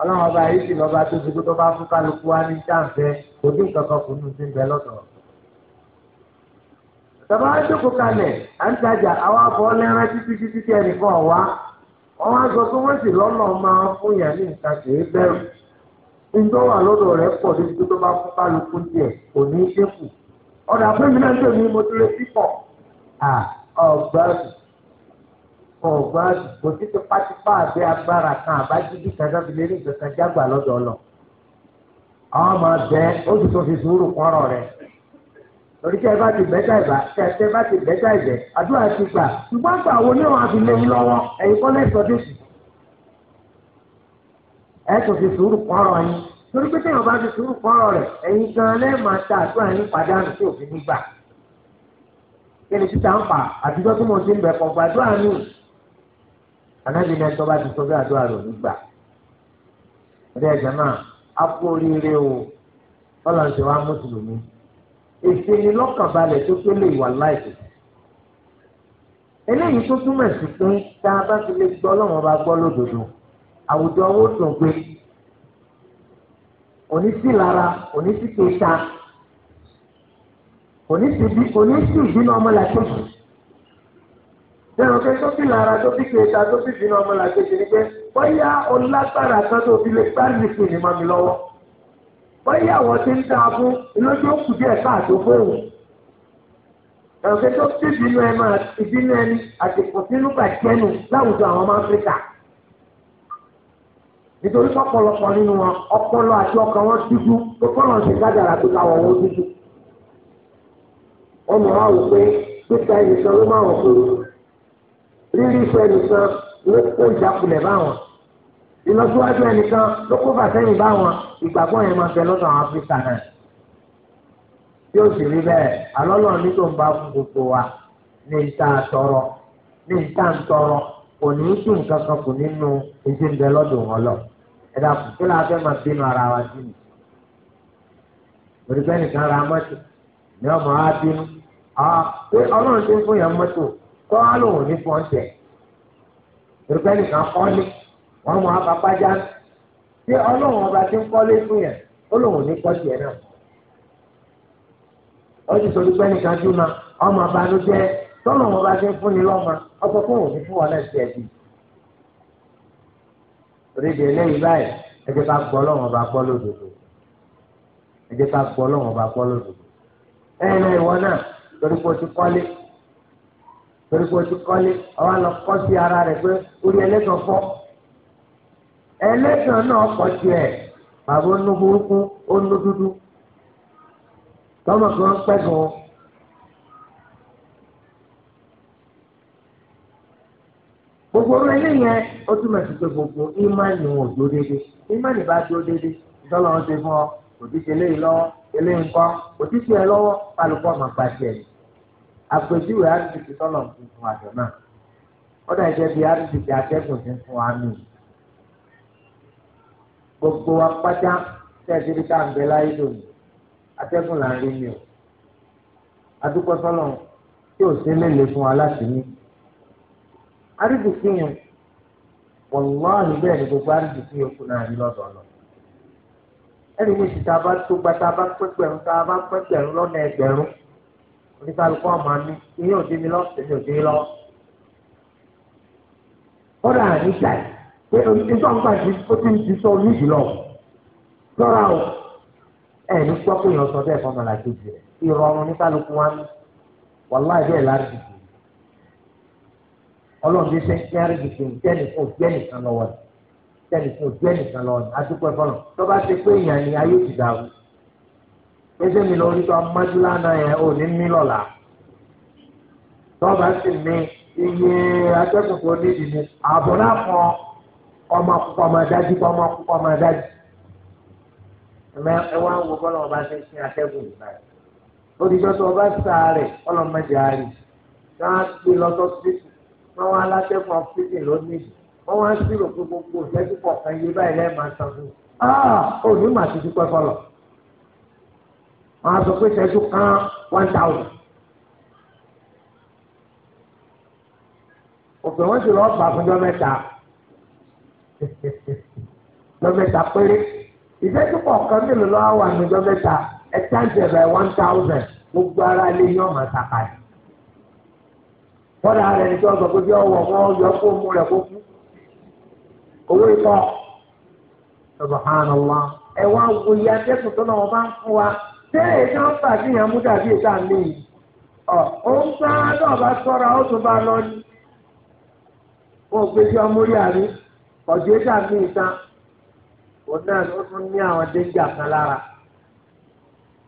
Speaker 1: ọlọ́run ọba yìí sì lọ́ba tó ti tó bá fún kálukú wa ní jàǹfẹ́ kò dín kankan kù nù sí ń bẹ lọ́dọ̀. tọ́ba wá jókòó kalẹ̀ à ń tajà àwọn afọ lẹ́rán títí títí tí ẹnìkan wá wọ́n wá sọ pé wọ́n sì lọ́lọ́ máa fún yàn ní nǹkan kì í bẹ̀rù. ńdọ́ wà lọ́dọ̀ rẹ̀ pọ̀ débi tó tó bá fún kálukú díẹ̀ kò ní í dínkù. ọ̀dà fún mi náà ń tẹ̀lé mo ti lè pípọ̀ ọ̀gbẹ́rù kan ò gbá kò sí tipátipá àbí agbára kan àbájídí kan tó fi lé ní ìgbésẹ̀ jágbà lọ́dọ̀ lọ. àwọn ọmọ bẹ ó sì tó fi sùúrù kọ́rọ̀ rẹ̀ torí tẹ́ bá ti bẹ́tà ìbá tẹ́ bá ti bẹ́tà ìbẹ̀ àdúrà ti gbà ṣùgbọ́n àgbà wo ni wọ́n á fi lé yín lọ́wọ́ ẹ̀yin kọ́ lẹ́sọ̀ dèsì. ẹ tó fi sùúrù kọ́rọ̀ yín torí pé téèyàn bá fi sùúrù kọ́rọ̀ rẹ̀ ẹ̀yin gan lẹ́ẹ̀máa ta àdúrà yín pàdánù tí òfin nígbà. kí ni títà ń pa àtijọ́ tí mo ti ń bẹ̀ kọ̀ gbàdúrà mi ànábì ní ẹjọ́ bá ti sọ bí àdúrà rẹ̀ nígbà ẹ̀dẹ́ ẹ̀jẹ̀ náà á kú oríire o ọlọ́run ṣe wá mùsùlùmí èsì ni lọ́kànbalẹ̀ tó tó lè wà láìpẹ́ eléyìí tó túmọ̀ sí pé tá a bá fi lè gbọ́ ọlọ́run ọba gbọ́ lódodo àwùjọ owó tún gbé òní sí lára òní sí kéta òní sí ìbínú ọmọlàkejì bẹ́ẹ̀ pé tó fi lára tó fi ṣe ìta tó fi fi náà ọmọlàkejì ni pé bóyá olágbára kan tó fi lè gbá nìkú ní mọ́ mi lọ́wọ́ bóyá àwọn ti ń dáa fún lójú òkú díẹ̀ káàtó fóònù bẹ́ẹ̀ pé tó fi ìbínú ẹ máa ìbínú ẹni àtìkù sínú gbàjẹ́nu láwùjọ àwọn ọmọ Áfíríkà nítorí ọ̀pọ̀lọpọ̀ nínú wọn ọpọlọ àti ọkàn wọn dúdú tó kọ́nà ṣe gbàdàrà tó káwọn wọn dúdú ọmọ wa wò pé pípa rírí iṣẹ́ nìkan ló kó ìjákulẹ̀ báwọn ìlọsíwájú ẹnìkan ló kó fàsẹ́yìn báwọn ìgbàgbọ́ yẹn máa bẹ lọ́dọ̀ àwọn áfíríkà náà tí ó sì rí bẹ́ẹ̀ alọ́lọ́ ní tó ń bá fún gbogbo wa ní ìta tọrọ ní ìta ń tọrọ kò ní í dùn kankan kò nínú ẹjẹ ń bẹ lọ́dọ̀ wọn lọ ẹ dàpọ̀ kí la fẹ́ máa bínú ara wa sí ni òrìṣẹ́ nìkan ra mọ́tò ní ọmọ wa bínú ọlọ́run tó ń fún yẹn mọ́tò kọ́ á lòun ní fọ́ọ̀ṣẹ̀ ìrùkọ́ ẹnìkan kọ́lé wọ́n mú apapájá tí ọlọ́run ọba ti ń kọ́lé fún yẹn ó lòun ní kọ́ṣẹ̀ náà ó sì sọ wípé ẹnìkan dúnà ọmọ abánújẹ́ tọ́lọ̀ wọn bá ti ń fún ni lọ́mọ ọkọ̀ fún òun ní fún wọn lẹ́sẹ̀ ẹ̀bí. oríṣi eléyìí báyìí ẹ jẹ́ ká gbọ́ lọ́wọ́n bá gbọ́ lódodo ẹ jẹ́ ká gbọ́ lọ́wọ́n bá gbọ́ lódodo ẹ̀yin náà ìwọ náà torí pé o ti kọ́lé torí pé o ti kọ́lé ọwọ́ lọ kọ́ sí ara rẹ̀ pé orí ẹlẹ́tàn fọ́ ẹlẹ́tàn náà kọ́ tiẹ̀ bàbá ó nu burúkú ó nu dúdú tọ́mọ̀ kan pẹ́ gan-an. gbogbo orí ẹlẹ́yẹn ó túmọ̀ sí pé gbogbo ìmánì wọn ò dúró déédéé ìmánì bá dúró déédéé ìtọ́lọ́wọ́ ṣe fún ọ òtítì eléyìí lọ́wọ́ eléyìí ń kọ́ òtítì ẹ lọ́wọ́ pálukọ́ máa gba tiẹ̀ ni àpèjúwe àdìsí tọ́lọ̀ ń fún àjọ náà wọ́n dà jẹ́ bí àdìsí àtẹ́gùn ti ń fún wa nù. gbogbo wa pátá tẹ̀sí bí ká ń bẹ láyé lòdì àtẹ́gùn là ń rí mi o. àdúgbò sọ́lọ̀ tí ò sí lélẹ̀ fún wa láti ní. àdìsí yẹn wọ̀n wọ́n ni gbogbo àdìsí yòókù náà rí lọ́dọ̀ lọ. ẹni mi sì ta bá tó gbàtà bá pẹ́gbẹ̀rún ta bá pẹ́gbẹ̀rún lọ́nà ẹgbẹ̀rún oníkálukú ọmọ mi èyí ò dé mi lọ èmi ò dé mi lọ. ó rà níjà yìí pé oníṣẹ́ ọ̀gbà tí ó ti ń ti sọ oníṣìí lọ lọ́ra o ẹ̀ ní gbọ́ pé sọ bẹ́ẹ̀ fọmọ làkejì rẹ̀ ìrọ̀rùn oníkálukú wa ní wàláì bẹ́ẹ̀ láti dìbò ọlọ́run ti sẹ́ńtì àrídìkì jẹ́nì fún jẹ́nì kan lọ́wọ́ jẹ́nì fún jẹ́nì kan lọ́wọ́ ẹsẹ̀ mi lọ nípa mọ́tíláńdà yẹn ò ní mí lọ́la tọ́ba sì ní iye akẹ́kọ̀ọ́ tó ní ìdìbò ààbò náà fún ọmọ akókò ọmọ adájú kọ́ ọmọ akókò ọmọ adájú ẹ wá ń wo bọ́lá ọba ṣe ń sin atẹ́gùn nígbà yẹn olùjọ́ tó ọba sàárẹ̀ ọlọ́mọdé àárẹ̀ ká gbé lọ́tọ́ síbìtì wọ́n wá alátẹ́kùn ọ́fíìsì lónìí wọ́n wá sírò pé gbogbo ìṣẹ́jú kọ̀ọ̀kan yé báyìí lẹ́ẹ̀ máa san fún un. ó ní màá ti dúpẹ́ fọlọ́ wọn á sọ pé ṣẹ́jú kan one thousand. òpè wọn sì lọ́ọ́ gbà fúnjọ́ mẹ́ta jọ́ mẹ́ta péré ìṣẹ́jú kọ̀ọ̀kan mélòó lọ́wọ́ wà ní jọ́ ẹ̀ táǹtì ẹ̀ bẹ̀ one thousand gbogbo ara lé ní ọmọ àtàkàyè kọ́dà rẹ̀ ní sọ́sọ́ pé bí ọwọ́ wọn kó mú rẹ̀ kó kú owó ikọ̀ subhanallah ẹ̀ wá wòye atẹ́kùn tó náà wọ́n bá ń fún wa ṣé èyí ń fà sí yẹn mú dàbí ìta mi ọ òun sá náà bá sọ́ra ó tún bá lọ ní wọn ò gbé sí ọmọ orí àrí ọ̀dọ̀ ìta mi ìta òun náà ó tún ní àwọn dénjà kan lára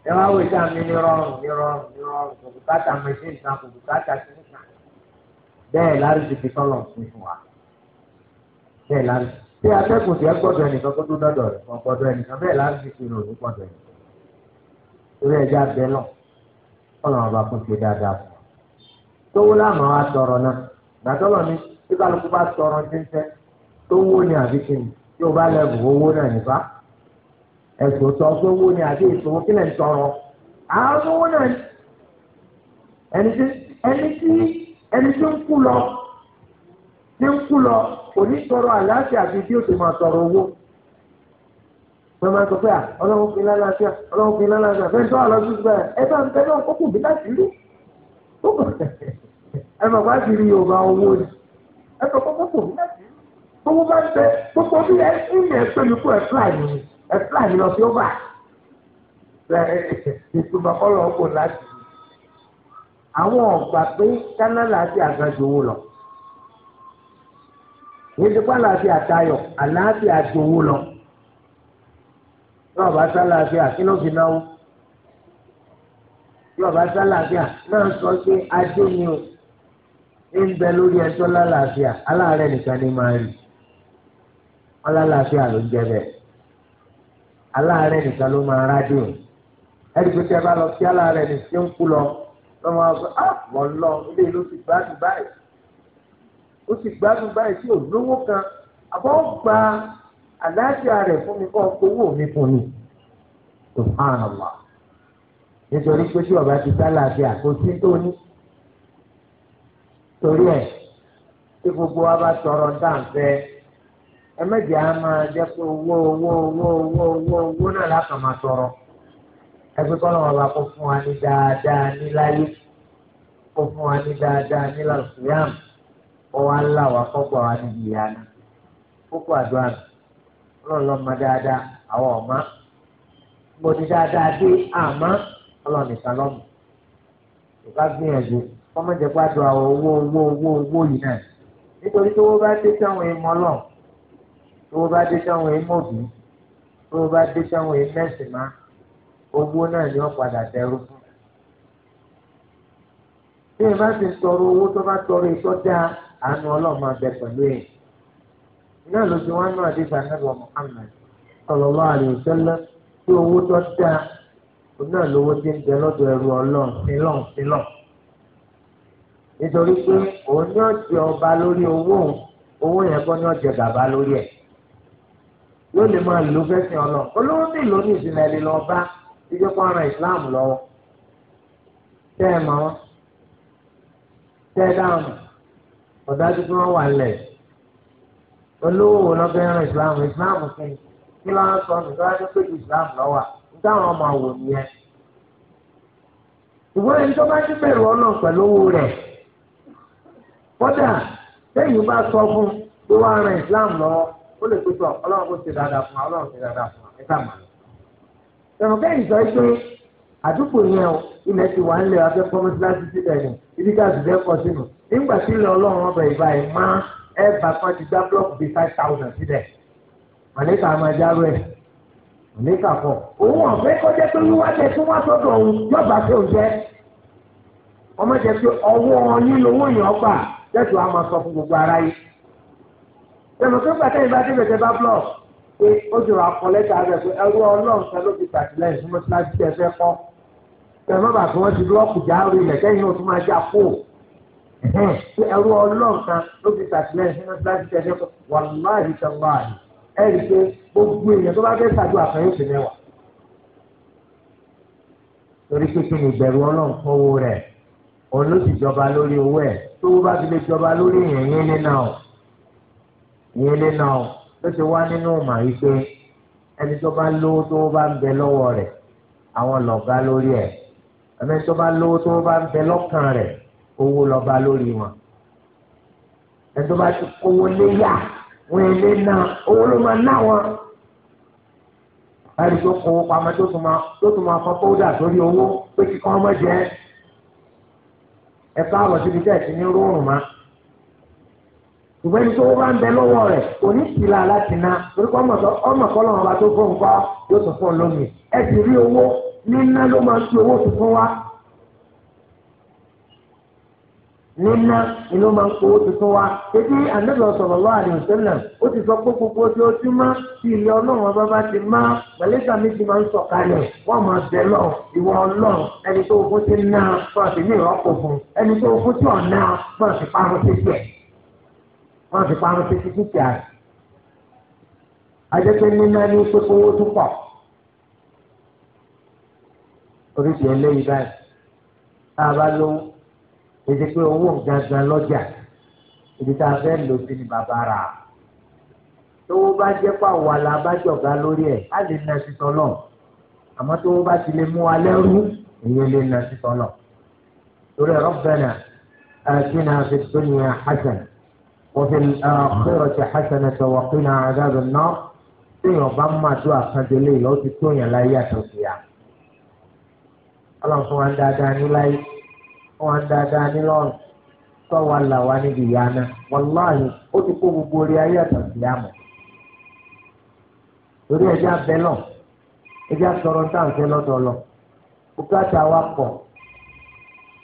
Speaker 1: ẹ wá wò ìta mi ní rọrùn ní rọrùn ní rọrùn kò bùkátà mẹsìn kan kò bùkátà sí nìkan bẹ́ẹ̀ lárúsì fi tọ́lọ̀ fún fún wa bẹ́ẹ̀ lárúsì tí atẹ́kùn tí ẹ gbọ́dọ̀ ẹnìkan kó tó dọ́dọ̀ rẹ̀ kọ́ gbọ́dọ̀ ẹnìkan bẹ́ẹ̀ lárúsì fi rò ní gbọ́dọ̀ ẹnìkan torí ẹja bẹ náà ọ̀nà ọba kún ṣe dáadáa fún un. tówó láàmú wa tọrọ náà gbàtọ́lọ̀ ni bí kálukú bá tọrọ tẹ́tẹ́ tówó ni àbí kí ni tí o bá lẹ́bù owó náà nípa ẹ̀sùn tọ́ sówó ni àbí ìṣòwò kílẹ̀ ń tọrọ àwọn owó náà ẹni tí ẹni tí ń kú lọ tí ń kú lọ kò ní tọrọ àlàáfíà bíi bí o ti máa tọrọ owó wọ́n máa sọ pé à ọlọ́run fi lálàáfíà ọlọ́run fi lálàáfíà bẹ́ẹ̀ tó àlọ́ sí bẹ́ẹ̀ ẹ bá ń tẹ́lẹ̀ ọkọ̀ kù bí láti rí ẹ mọ̀ bá ti rí yorùbá owó ni ẹ sọ pé kókò bí láti rí owó bá ń tẹ gbogbo bí ẹ ń yẹ pé mi kú ẹ fúlàní ẹ fúlàní lọ sí ọba ìtumọ̀ kọ́lọ̀ ọkọ̀ láti rí àwọn ọ̀gbà pé kánálà àti àgbàjọ owó lọ èyí ti pa àlàáfíà tayọ owó lọ náà bá sálàáfíà kí ló fi náwó yóò bá sálàáfíà náà sọ pé adé ni o ń bẹ lórí ẹjọ́ lálàáfíà aláàárẹ̀ nìkan ni máa rí wọn lálàáfíà ló ń jẹ bẹ́ẹ̀ aláàárẹ̀ nìkan ló máa rádìò ẹni pé tẹ́ bá lọ sí aláàárẹ̀ ní tí ń kú lọ lọ́ máa sọ á ah, mọ̀ lọ ilé ló ti gbádùn báyìí ó ti gbádùn báyìí tí ò lówó kan àbọ̀ gba àlàáfíà rẹ̀ fún mi kọ́ owó mi fún mi tó hàn wá nítorí pé tí ọba ti sálàáfíà kò sí tó ní torí ẹ̀ tí gbogbo wa bá tọrọ dáǹfẹ́ ẹ méjì á máa jẹ́ pé owó owó owó owó owó owó náà lákàn máa tọrọ ẹgbẹ́ kọ́nà wọn bá kó fún wa ní dáadáa níláyé kó fún wa ní dáadáa nílàlùfíàm kó wa ń là wá kó gbà wá níbi ìyá náà kókó àdúrà nù ọlọ́run lọ́mọ dáadáa àwọn ọ̀ma mo ti dáadáa dé àmọ́ ọlọ́run nìkan lọ́mọ ìka gbìyànjú kọ́mọ̀jẹ gbádùn àwọn owó owó owó owó yìí náà nítorí tó wọ́n bá dé sáwọn ìmọ̀ lọ tó wọ́n bá dé sáwọn ìmọ̀ bí tó wọ́n bá dé sáwọn ìmẹ̀sìn má owó náà ni wọ́n padà dẹrú fún. bí ẹ bá ti sọ̀rọ̀ owó tó bá sọ̀rọ̀ ìtọ́jà àánú ọlọ́run máa bẹ pẹ̀lú èyí náà ló fi wọn náà dídá nàbà Muhammad sallallahu alaihi wasallam tí owó tó dáa náà lówó tí ń jẹ lọ́dọ̀ ẹrú Ọlọ́run sílọ̀n sílọ̀n nítorí pé òun ní ọ̀jẹ̀ ọba lórí owó òun owó yẹn kọ́ ní ọ̀jẹ̀ bàbá lórí ẹ̀ yóò lè máa lò fẹ́sìn ọlọ́ olówó nílò ní ìsìn ẹ̀lẹ́ lọ bá ìjọ kó ara Islam lọ́wọ́ tẹ́ ẹ mọ́ tẹ́ ẹ dáhùn ọ̀dájú tí wọ́n wà lẹ̀ olówó wo lọ́fẹ́ Islam, ìsìláàmù ìsìláàmù kìíní kí ló ń sọ nígbà tó pé ìsìláàmù lọ́wà nígbà wọn máa wò nìyẹn. ìwé ẹni tó bá ti bẹ̀rù ọlọ́run pẹ̀lú owó rẹ̀ kódà lẹ́yìn bá sọ fún pé wọ́n ràn ìsìláàmù lọ́wọ́ ó lè pé sọ ọlọ́run kò ṣe dáadáa fún wa ọlọ́run ṣe dáadáa fún wa ẹ sáà máa. ìjọ pé àdúgbò yẹn o ilẹ̀ ti wà nílẹ̀ afẹ́ ni ibi ká sì fẹ́ kọ́ sínú nígbà tí ilẹ̀ ẹ bá kan ti gbá búlọ́ọ̀kù bíi five thousand sílẹ̀ mọ̀lẹ́kà máa járó ẹ̀ mọ̀lẹ́kà kọ̀ òun ọ̀fẹ́ kọjá pé wíwá jẹ tó wá sọ́dọ̀ òun yọ̀bà pé òun jẹ́ ọmọ jẹ pé ọwọ́ nílò owó yẹn ọgbà lẹ́tù a máa sọ fún gbogbo ara yìí tẹnu tó gbàtẹ́ ìbá dé bẹ̀tẹ̀ bá búlọ́ọ̀kù pé ó jọra kọ lẹ́tà rẹ̀ pé ẹrú ọlọ́run tẹ ló fi tàtìlẹ́yìn fún mọ́tíláṣí ẹ fẹ́ kọ́ tẹ̀mọ́bà tí wọ́n ti búlọ́ọ̀kù já rí ilẹ̀ kẹ́yìn náà tún máa já fóò ṣe ẹrú ọlọ́run kan ló fi ṣàtìlẹ́yìn fún mẹ́tíláṣí tẹ̀lé wàláhì tẹ̀láhì ẹ rí i pé gbogbo èèyàn tó bá fẹ́ ṣàdúrà kan yóò fi torí pé kí ni ìbẹ̀rù ọlọ́run fún owó rẹ̀ òun ló sì jọba lórí owó ẹ̀ tó bá fi lè jọba lórí ìyẹn nínà ọ̀ ìyẹn nínà ọ̀ ló ti wá nínú ọ̀mà yìí pé ẹni tó bá lówó tó bá ń bẹ lọ́wọ́ rẹ̀ àwọn lọ̀gá lórí ẹ̀ ẹni tó bá lówó tó bá ń bẹ lọ́kàn rẹ̀ owó lọ́ba lórí wọn ẹ̀tọ́ bá ti kówó léyà wọn ilé náà owó ló máa ná wọn báyìí tó kówó pamọ́ tó tún máa fọ́ kódà sórí owó pé kíkọ́ ọmọ jẹ́ ẹ̀ka ọ̀rọ̀ síbi tẹ̀ sí ní rúurùn ma ṣùgbọ́n ẹni tó bá ń bẹ lọ́wọ́ rẹ̀ kò ní ìlà láti ná torí kọ́ ọmọ kọ́lọ́ ọba tó fún un kọ́ yóò tún fún un lómi ẹ sì rí owó níná ló máa ń fi owó tuntun wá níná inú máa ń kó owó tuntun wa ebi ànábìyàn sọ̀rọ̀ lọ́wọ́ àdìsẹ́lẹ̀ ó ti sọ pé gbogbo tí ó ti mọ́ tí ilé ọlọ́run ọba bá ti mọ́ mọ̀lẹ́sà mi ti máa ń sọ̀ kalẹ̀ wọ́n máa bẹ̀ lọ ìwọ ọlọ́run ẹni tó ogún ti ná fún àtìní ìrọ́pò fún ẹni tó ogún tí ọ̀nà fún àti parun títí ẹ̀ wọ́n ti parun títí títí àrẹ̀. ajẹ́pẹ́ níná ní pípọ́ owó tó pọ̀ oríṣi ẹlẹ́yìí báyìí tá a bá èdè pé owó gangan lọ́jà ibi tá a fẹ́ lò sí ni bàbá rà tówó bá jẹ́ pàwọ́ àlà abájọ̀gá lórí ẹ̀ á lè na sí tọ́lọ̀ àmọ́ tówó bá ti lè mú wa lẹ́rú èyí lè na sí tọ́lọ̀ torí Rabbana atina fid dunya hasanah wa fil akhirati hasanah wa qina adhaban nar téèyàn bá máa tó àkàndélé yìí ti tó yàn láyé àtọ̀síyà ọlọ́run fún wa dáadáa ní láyé wọn dáadáa nílọ́rùn tọ́wọ́ là wá níbi ìyá náà wàláhì ó ti kó gbogbo orí ayé ẹ̀tàn sí àmọ́ torí ẹja bẹ náà ẹja sọ̀rọ̀ táǹfẹ́ lọ́dọ̀ lọ bùkátà wa pọ̀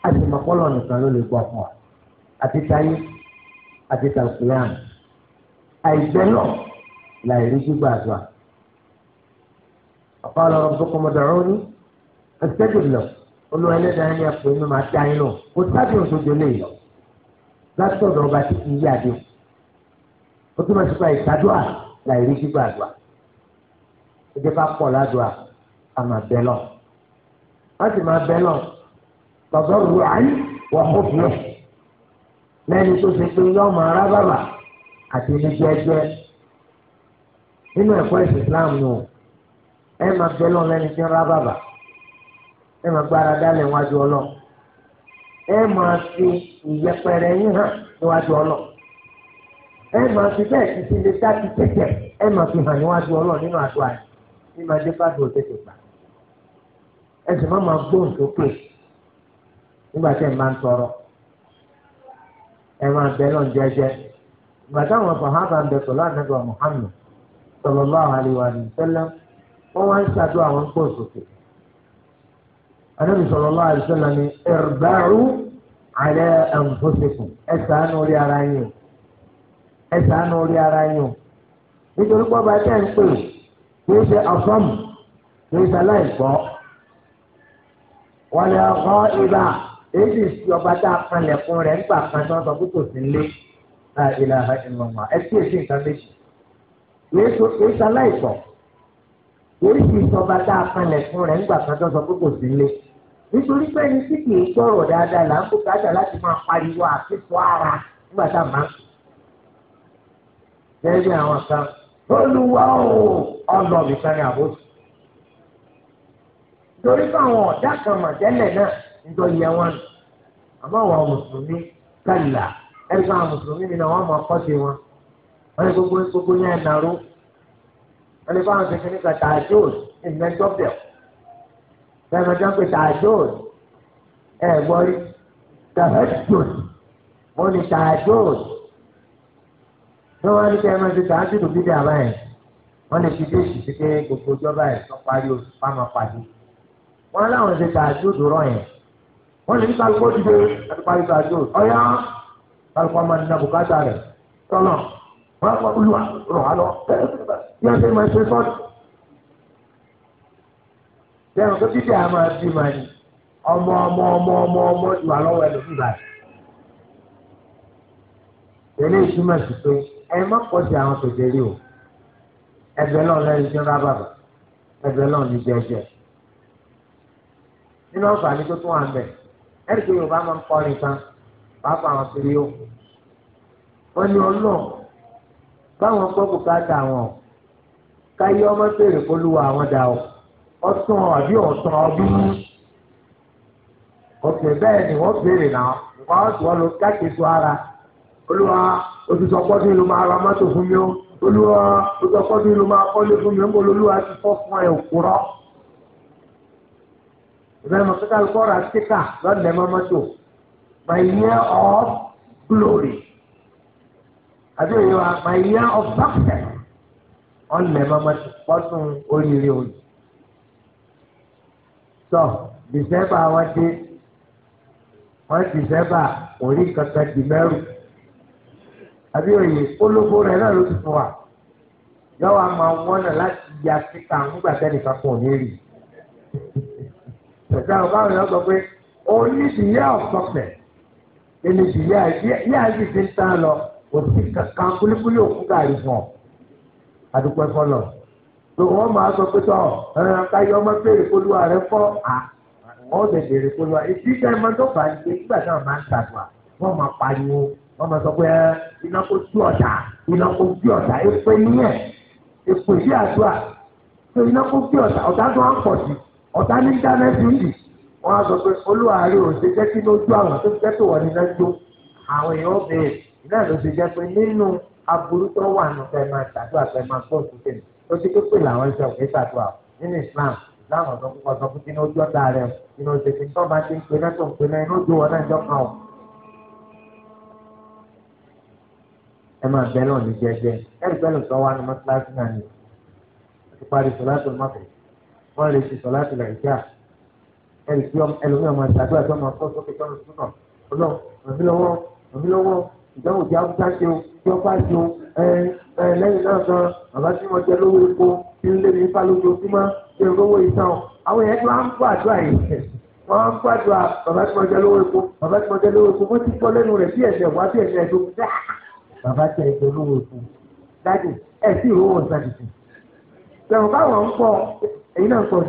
Speaker 1: a nìkan ló lè gbọ́ pọ̀ àti táyé àti tàkùyàn àìgbẹ́ náà láì rí gbígbà àdúrà. ọ̀pá lọ́rọ̀ bókòmọ̀dọ̀ ọ̀rọ̀ ní ẹ̀sẹ̀ jùlọ olúwa ẹlẹ́dàá ẹni ẹ̀pọ̀ inú máa dá yín lọ kò sábì òdodo lè yọ látọ̀dọ̀ ọba tí kì í yé àdéhùn ó túmọ̀ sí pa ìtàdúà là ìrí gbígbà àdúà ó jẹ́ ká pọ̀ ládùà ká máa bẹ lọ wọ́n sì máa bẹ lọ tọ̀dọ̀ rú àyè wọ́n kó fún ẹ̀ lẹ́ni tó ṣe pé yọ́ máa rá bàbà àti ní jẹ́jẹ́ nínú ẹ̀kọ́ ìsìlámù ẹ máa bẹ lọ lẹ́ni tí rá bàbà ẹ máa gbára dálẹ̀ wájú ọlọ́run ẹ máa fi ìyẹpẹrẹ yín hàn níwájú ọlọ́run ẹ máa fi bẹ́ẹ̀ ti ti lè dá ti tẹ̀tẹ̀ ẹ máa fi hàn níwájú ọlọ́run nínú àdúrà yìí ní máa dé bá dùn tètè gbà ẹ sì má máa gbóhùn sókè nígbà tí ẹ máa ń tọrọ ẹ máa bẹ náà jẹ́jẹ́ ìgbà táwọn ọkọ̀ ha ń bẹ pẹ̀lú àdàgbà Muhammad sallallahu alaihi wa sallam wọ́n wá ń ṣàdúrà wọn gbóhùn sókè anabi sallallahu alaihi wasallam ni irba'u ala anfusikum ẹ ṣàánú orí ara yín ẹ ṣàánú orí ara yín nítorí pé ọba tẹ́ ń pè kì í ṣe ọ̀sọ́mù kì í ṣe aláìkọ́ wọ́n lè ọkọ́ ibà èyí sì ọba tá a kan lẹ̀kùn rẹ̀ nígbà kan tí wọ́n sọ pé kò sí náà ilà ìlọ̀mọ̀ ẹ kí èsì nǹkan méjì kì í ṣe aláìkọ́ èyí sì ọba tá a kan rẹ̀ nígbà kan tí wọ́n sọ pé kò sí nítorí pé ẹni tí kì í sọ̀rọ̀ dáadáa là ń kó kájà láti máa pariwo àfihàn ara nígbà tá a máa ń sùn. Bẹ́ẹ̀ ni àwọn kan olùwà ò ọ̀nà nìkan ni àbójú. Torí báwọn ọ̀dà kan mà tẹ́lẹ̀ náà ń jọ yẹ wọn nù. Àmọ́ àwọn mùsùlùmí kàlà ẹ̀rí fún àwọn mùsùlùmí nínú àwọn ọmọ ọkọ ti wọn. Wọ́n ní gbogbo gbogbo yẹn nàró. Wọ́n ní báwọn ṣe fi nígbà tààjú ìmẹ́jọ́ bẹ̀rù sẹ́mẹ̀tọ́ pé tààjòd ẹ̀ gbọ́rí tààjòd mo ní tààjòd tó wọ́n ní sẹ́mẹ̀tọ́ tààjòd bí dàbá yẹn wọ́n lè fi déèsì sí pé gbogbo ìjọba yẹn tó parí oṣù fáwọn pàdé wọ́n láwọn ṣe tààjòd rọ̀ yẹn wọ́n lè ní kálukó dìde àti parí tààjòd ọ̀yá kálukó ọmọ nínú bùkátà rẹ̀ tọ́lọ̀ wọ́n á kọ́ olúwa rọ̀ wá lọ bí wọ́n ṣe máa ṣe sọ́ọ̀tì sẹ́wọ̀n pé bíbí àmọ́ bí máa ní ọmọ ọmọ ọmọ ọmọ ọmọ ìwà lọ́wọ́ ẹ̀ lóbi báyìí. Tẹ̀lé ìtumọ̀ sí pé ẹ má pọ̀ sí àwọn tòjẹ́lé o. Ẹgbẹ́ náà lẹ́yìn tí ń rá bàbà. Ẹgbẹ́ náà ní jẹjẹ. Nínú ọ̀fà ni tó tún wà ń bẹ̀. Ẹ̀rí pé Yorùbá máa ń kọ́ nìkan pàápàá àwọn kiri ó. Wọ́n ní ọlọ́ọ̀ báwọn gbọ́ bùkátà wọn. Káyé ọmọ tèrè kó lúwa àwọn dà ọ́ ọ̀sán àbí ọ̀sán ọdún ọ̀sẹ̀ bẹ́ẹ̀ ni wọ́n béèrè náà nǹkan ọ̀sùn wọn lọ jáde tó ara olúwa òtútù ọgbọ́dún ìlú máa ra mọ́tò fún mi ó olúwa òtútù ọgbọ́dún ìlú máa kọ́lé fún mi ó olúwa ti fọ́ fún ẹ̀ òkúrọ́ ìbẹ̀rẹ̀ mọ̀kítà lùkọ́ra síkà lọ́dẹ̀ mọ́mọ́tò my year of glory àbí òye wa my year of success ọ̀lẹ̀ mọ́mọ́tò pọ́sùn oríire òyìn tọ́ dìsẹ́bà wọ́n dé wọ́n dìsẹ́bà kò rí kankan dì mẹ́rù àbí òye olóko rẹ̀ náà ló ti fún wa yọ̀wọ́ a máa wọ́nà láti ya síta nígbà tẹ́nìkan kò ní rí ṣẹ̀dá ọ̀gá òyìn ọ̀gbọ̀n pé onídìyẹ ọ̀pọ̀pẹ̀ ènìdìyẹ yíyá yìí ti ń tán lọ òsì kankan kúlíkúlí òkú gàrí fún ọ àdúpẹ́ fọlọ́ tó wọ́n máa sọ pé tọ́ ẹ̀ràn káyọ̀ ọmọ béèrè polúwa rẹ fọ́ à wọ́n sì béèrè polúwa ìdí ìjà ẹ̀ máa ń dọ́gba ní pé nígbà náà máa ń tàdùà wọ́n máa pariwo wọ́n máa sọ pé iná kó sí ọ̀dà iná kó sí ọ̀dà èpè níyẹn èpè sí àdúrà tó iná kó sí ọ̀dà ọ̀dà tó ń pọ̀ sí ọ̀dà ní dáná sí ń dì wọ́n á sọ pé olúwa rẹ ò ṣe jẹ́ kí lójú àwọn tó jẹ́ tó wọ̀ ní lẹ́jọ́ àwọn èèyàn béèrè náà ló ṣe jẹ́ pé nínú aburú tó wà nù fẹ́ máa tàdúrà fẹ́ máa gbọ́ òkúté nù ó ti pípé làwọn sọ pé ṣàdúrà nínú Islam láwọn ọ̀dọ́ púpọ̀ sọ fún kí ní ojú ọ̀tá rẹ̀ kí ní oṣù tí tọ́ba ti ń pe náà tó ń pe náà inú ojú wọn náà jọ kan o. ẹ máa bẹ náà ní jẹ́jẹ́ ẹ̀rí pẹ́lú sọ wa ní mọ́tíláṣí náà ni wọ́n ti parí sọlá mọ́tò wọ́n lè ti sọlá tó lẹ́yìn ẹ̀rí ẹlòmíràn máa ṣàdúrà tó máa kọ́ sókè tó ń sún náà ọlọ́run ìdánwò tí haúsá ṣe o tí ọba ṣe o ẹ ẹ lẹ́yìn náà gan bàbá tí wọ́n jẹ lówó epo tí ń lé mi fá lójoojúmọ́ ṣe lówó ìtàn àwọn yẹn tí wọ́n á ń gbàdúrà yìí wọ́n á ń gbàdúrà bàbá tí wọ́n jẹ lówó epo bàbá tí wọ́n jẹ lówó epo wọ́n ti gbọ́ lẹ́nu rẹ̀ bí ẹ̀ṣẹ̀ wá bí ẹ̀ṣẹ̀ tó dá bàbá tí ẹ̀ṣẹ̀ lówó epo dájú ẹ̀ sì rówó ṣàtìtì tẹ̀wọ̀n báwọn ń pọ̀ èyí náà pọ̀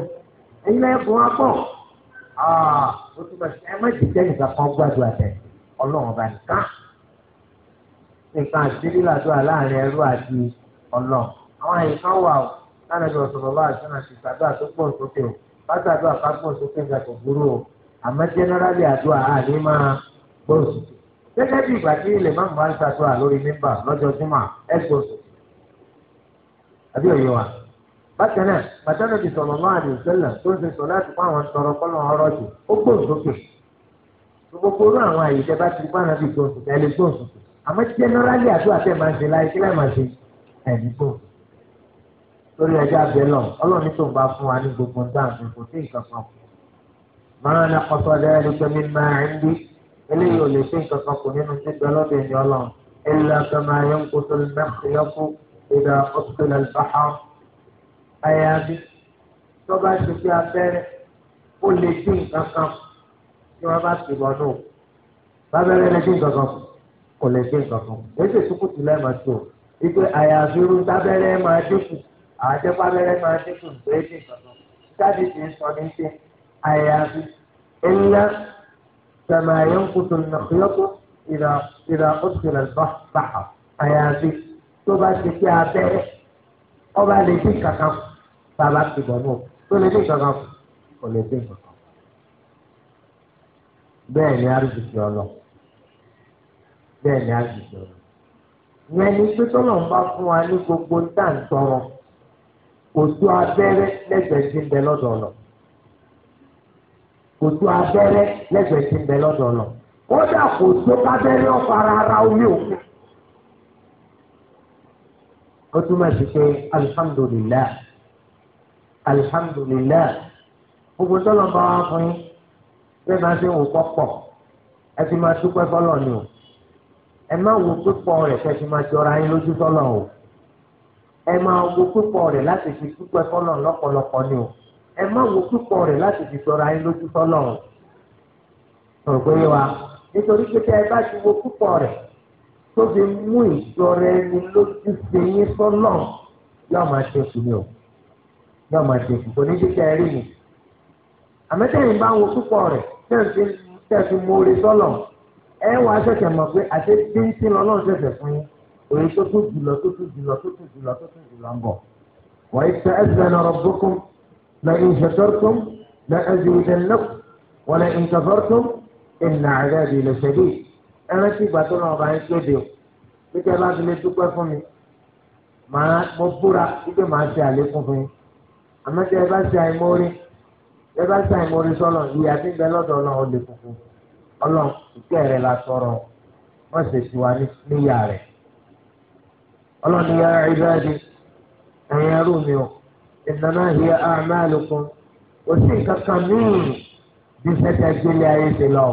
Speaker 1: èyí náà ẹ̀kún wá pọ̀ ó ti bàtí ẹ má ti jẹ́ nìkan kan gbàdúrà tẹ̀ ọlọ́run ọba nìkan. nǹkan àṣírí làdúrà láàrin ẹrú àti ọ̀nà àwọn àyè kan wà ó o o àmọ́ jẹ́nẹ́rálì àdúrà àní máa gbọ́ gẹ́gẹ́ bí ìgbà tí ilẹ̀ máa ń bá ń lórí mímbà lọ́jọ́ júmọ̀ ẹ̀ gbọ́ àbí òye wa bákan náà ti sọ̀rọ̀ náà ìṣẹ̀lẹ̀ tó ń ṣe sọ láti fún àwọn tọrọ ọ̀rọ̀ jù ó àmọ́ jẹ́nẹ́rálì àdúrà tẹ̀ máa ń ṣe láyé kílẹ̀ máa ṣe ẹ̀dínkù
Speaker 2: lórí ẹjọ́ abẹ lọ
Speaker 1: ọlọ́run tó ń bá fún wa ní gbogbo ń dáhùn kò sí nǹkan kan máa ń akọ́tọ́ lẹ́yìn lókèmí máa ń dí eléyìí ò lè sí nǹkan kan kò nínú gbígbẹ́ lọ́dọ̀ ẹ̀yìn ọlọ́run ẹ̀lá kama yẹn ń kó tó lè mẹ́kìlẹ́kù ìdá ọ̀túnlẹ̀ bàá ayáàbí tó bá ti fi abẹ́rẹ́ ó lè dín nǹkan kan tí wọ́n bá ti bọ̀ nù kò lè ṣe nǹkan fún un èsì ìsúkùtù lẹ́ẹ̀mọ́ sí o ipe àyàfi irú tábẹ́rẹ́ máa dínkù àjẹpábẹ́rẹ́ máa dínkù nítorí ṣe nǹkan fún un jáde ti ń sọ ní ṣe àyàfi ẹ̀yà sàmàyẹ̀ ń kutu nàkúyọ́kọ́ ìrà òtìrẹ̀ bàtà àyàfi tó bá ti pé abẹ́rẹ́ ọba lè dín kankan fún bàbá ti bọ̀ náà tó lè dín kankan fún kò lè dín kankan bẹ́ẹ̀ ni arúgbó ti ọ lọ bẹ́ẹ̀ ni àjùjọ ìyẹn ni pé tọ́lọ̀ ń bá fún wa ní gbogbo dáǹtọ́ wọn kò tó abẹ́rẹ́ lẹ́gbẹ̀ẹ́ sí ń bẹ lọ́dọ̀ ọ̀nà kò tó abẹ́rẹ́ lẹ́gbẹ̀ẹ́ sí ń bẹ lọ́dọ̀ ọ̀nà kódà kò tó kábẹ́rẹ́ ọ̀fara ara orí òkú. ó túmọ̀ sí pé alihamudulilayi alihamudulilayi gbogbo tọ́lọ̀ ń bá wa fún yín bẹ́ẹ̀ máa ṣe ń wò pọ̀ ẹ ti máa dúpẹ́ fọlọ́ ni o ẹ má wo pípọ̀ rẹ̀ kẹ́sì máa jọra yín lójú sọ́lọ̀ o ẹ má wo pípọ̀ rẹ̀ láti fi pípẹ́ fọ́lọ̀ lọ́pọ̀lọpọ̀ ni o ẹ má wo pípọ̀ rẹ̀ láti fi jọra yín lójú sọ́lọ̀ o ọ̀rọ̀ pé wa nítorí pé tẹ́ ẹ bá ti wo pípọ̀ rẹ̀ tó fi mú ìjọra ẹni lójú sí yín sọ́lọ̀ yóò máa ṣe kù ni o yóò máa ṣe kù kò ní kí tẹ́ ẹ rí mi àmẹ́tẹ̀yìn ẹ wà á ṣẹ̀ṣẹ̀ mọ̀ pé àṣẹ tíntín lọ́lọ́run ṣẹ̀ṣẹ̀ fún yín òye tó tún jùlọ tó tún jùlọ tó tún jùlọ tó tún jùlọ ń bọ̀. wà á ṣe ẹsẹ̀ lọ́rọ̀ bókun lọ ìṣẹ̀tọ́tún lọ ẹ̀jẹ̀ ìdẹ̀lẹ́k wà lọ ìṣẹ̀tọ́tún ìnà àrẹ ìlẹ̀ ṣẹ̀dí. ẹran tí ìgbà tó náà bá ń kéde o nígbà bá fi dúpẹ́ fún mi mo búra wípé màá ṣe àlékún fún yín àmọ́ tí ẹ bá ṣe àìmọ́rí ẹ bá ṣe àìmọ́rí sọ́nà ìyá ọlọ́run ìkẹ́ rẹ̀ la sọ̀rọ̀ wọ́n sì sì wá níyà rẹ̀ ọlọ́run ní yàrá ìbáde ẹ̀yin arú mi o ìnáná yẹ àmàlùkùn kò sí kankan míì bí sẹ́tẹ̀ gbélé ayé ti lọ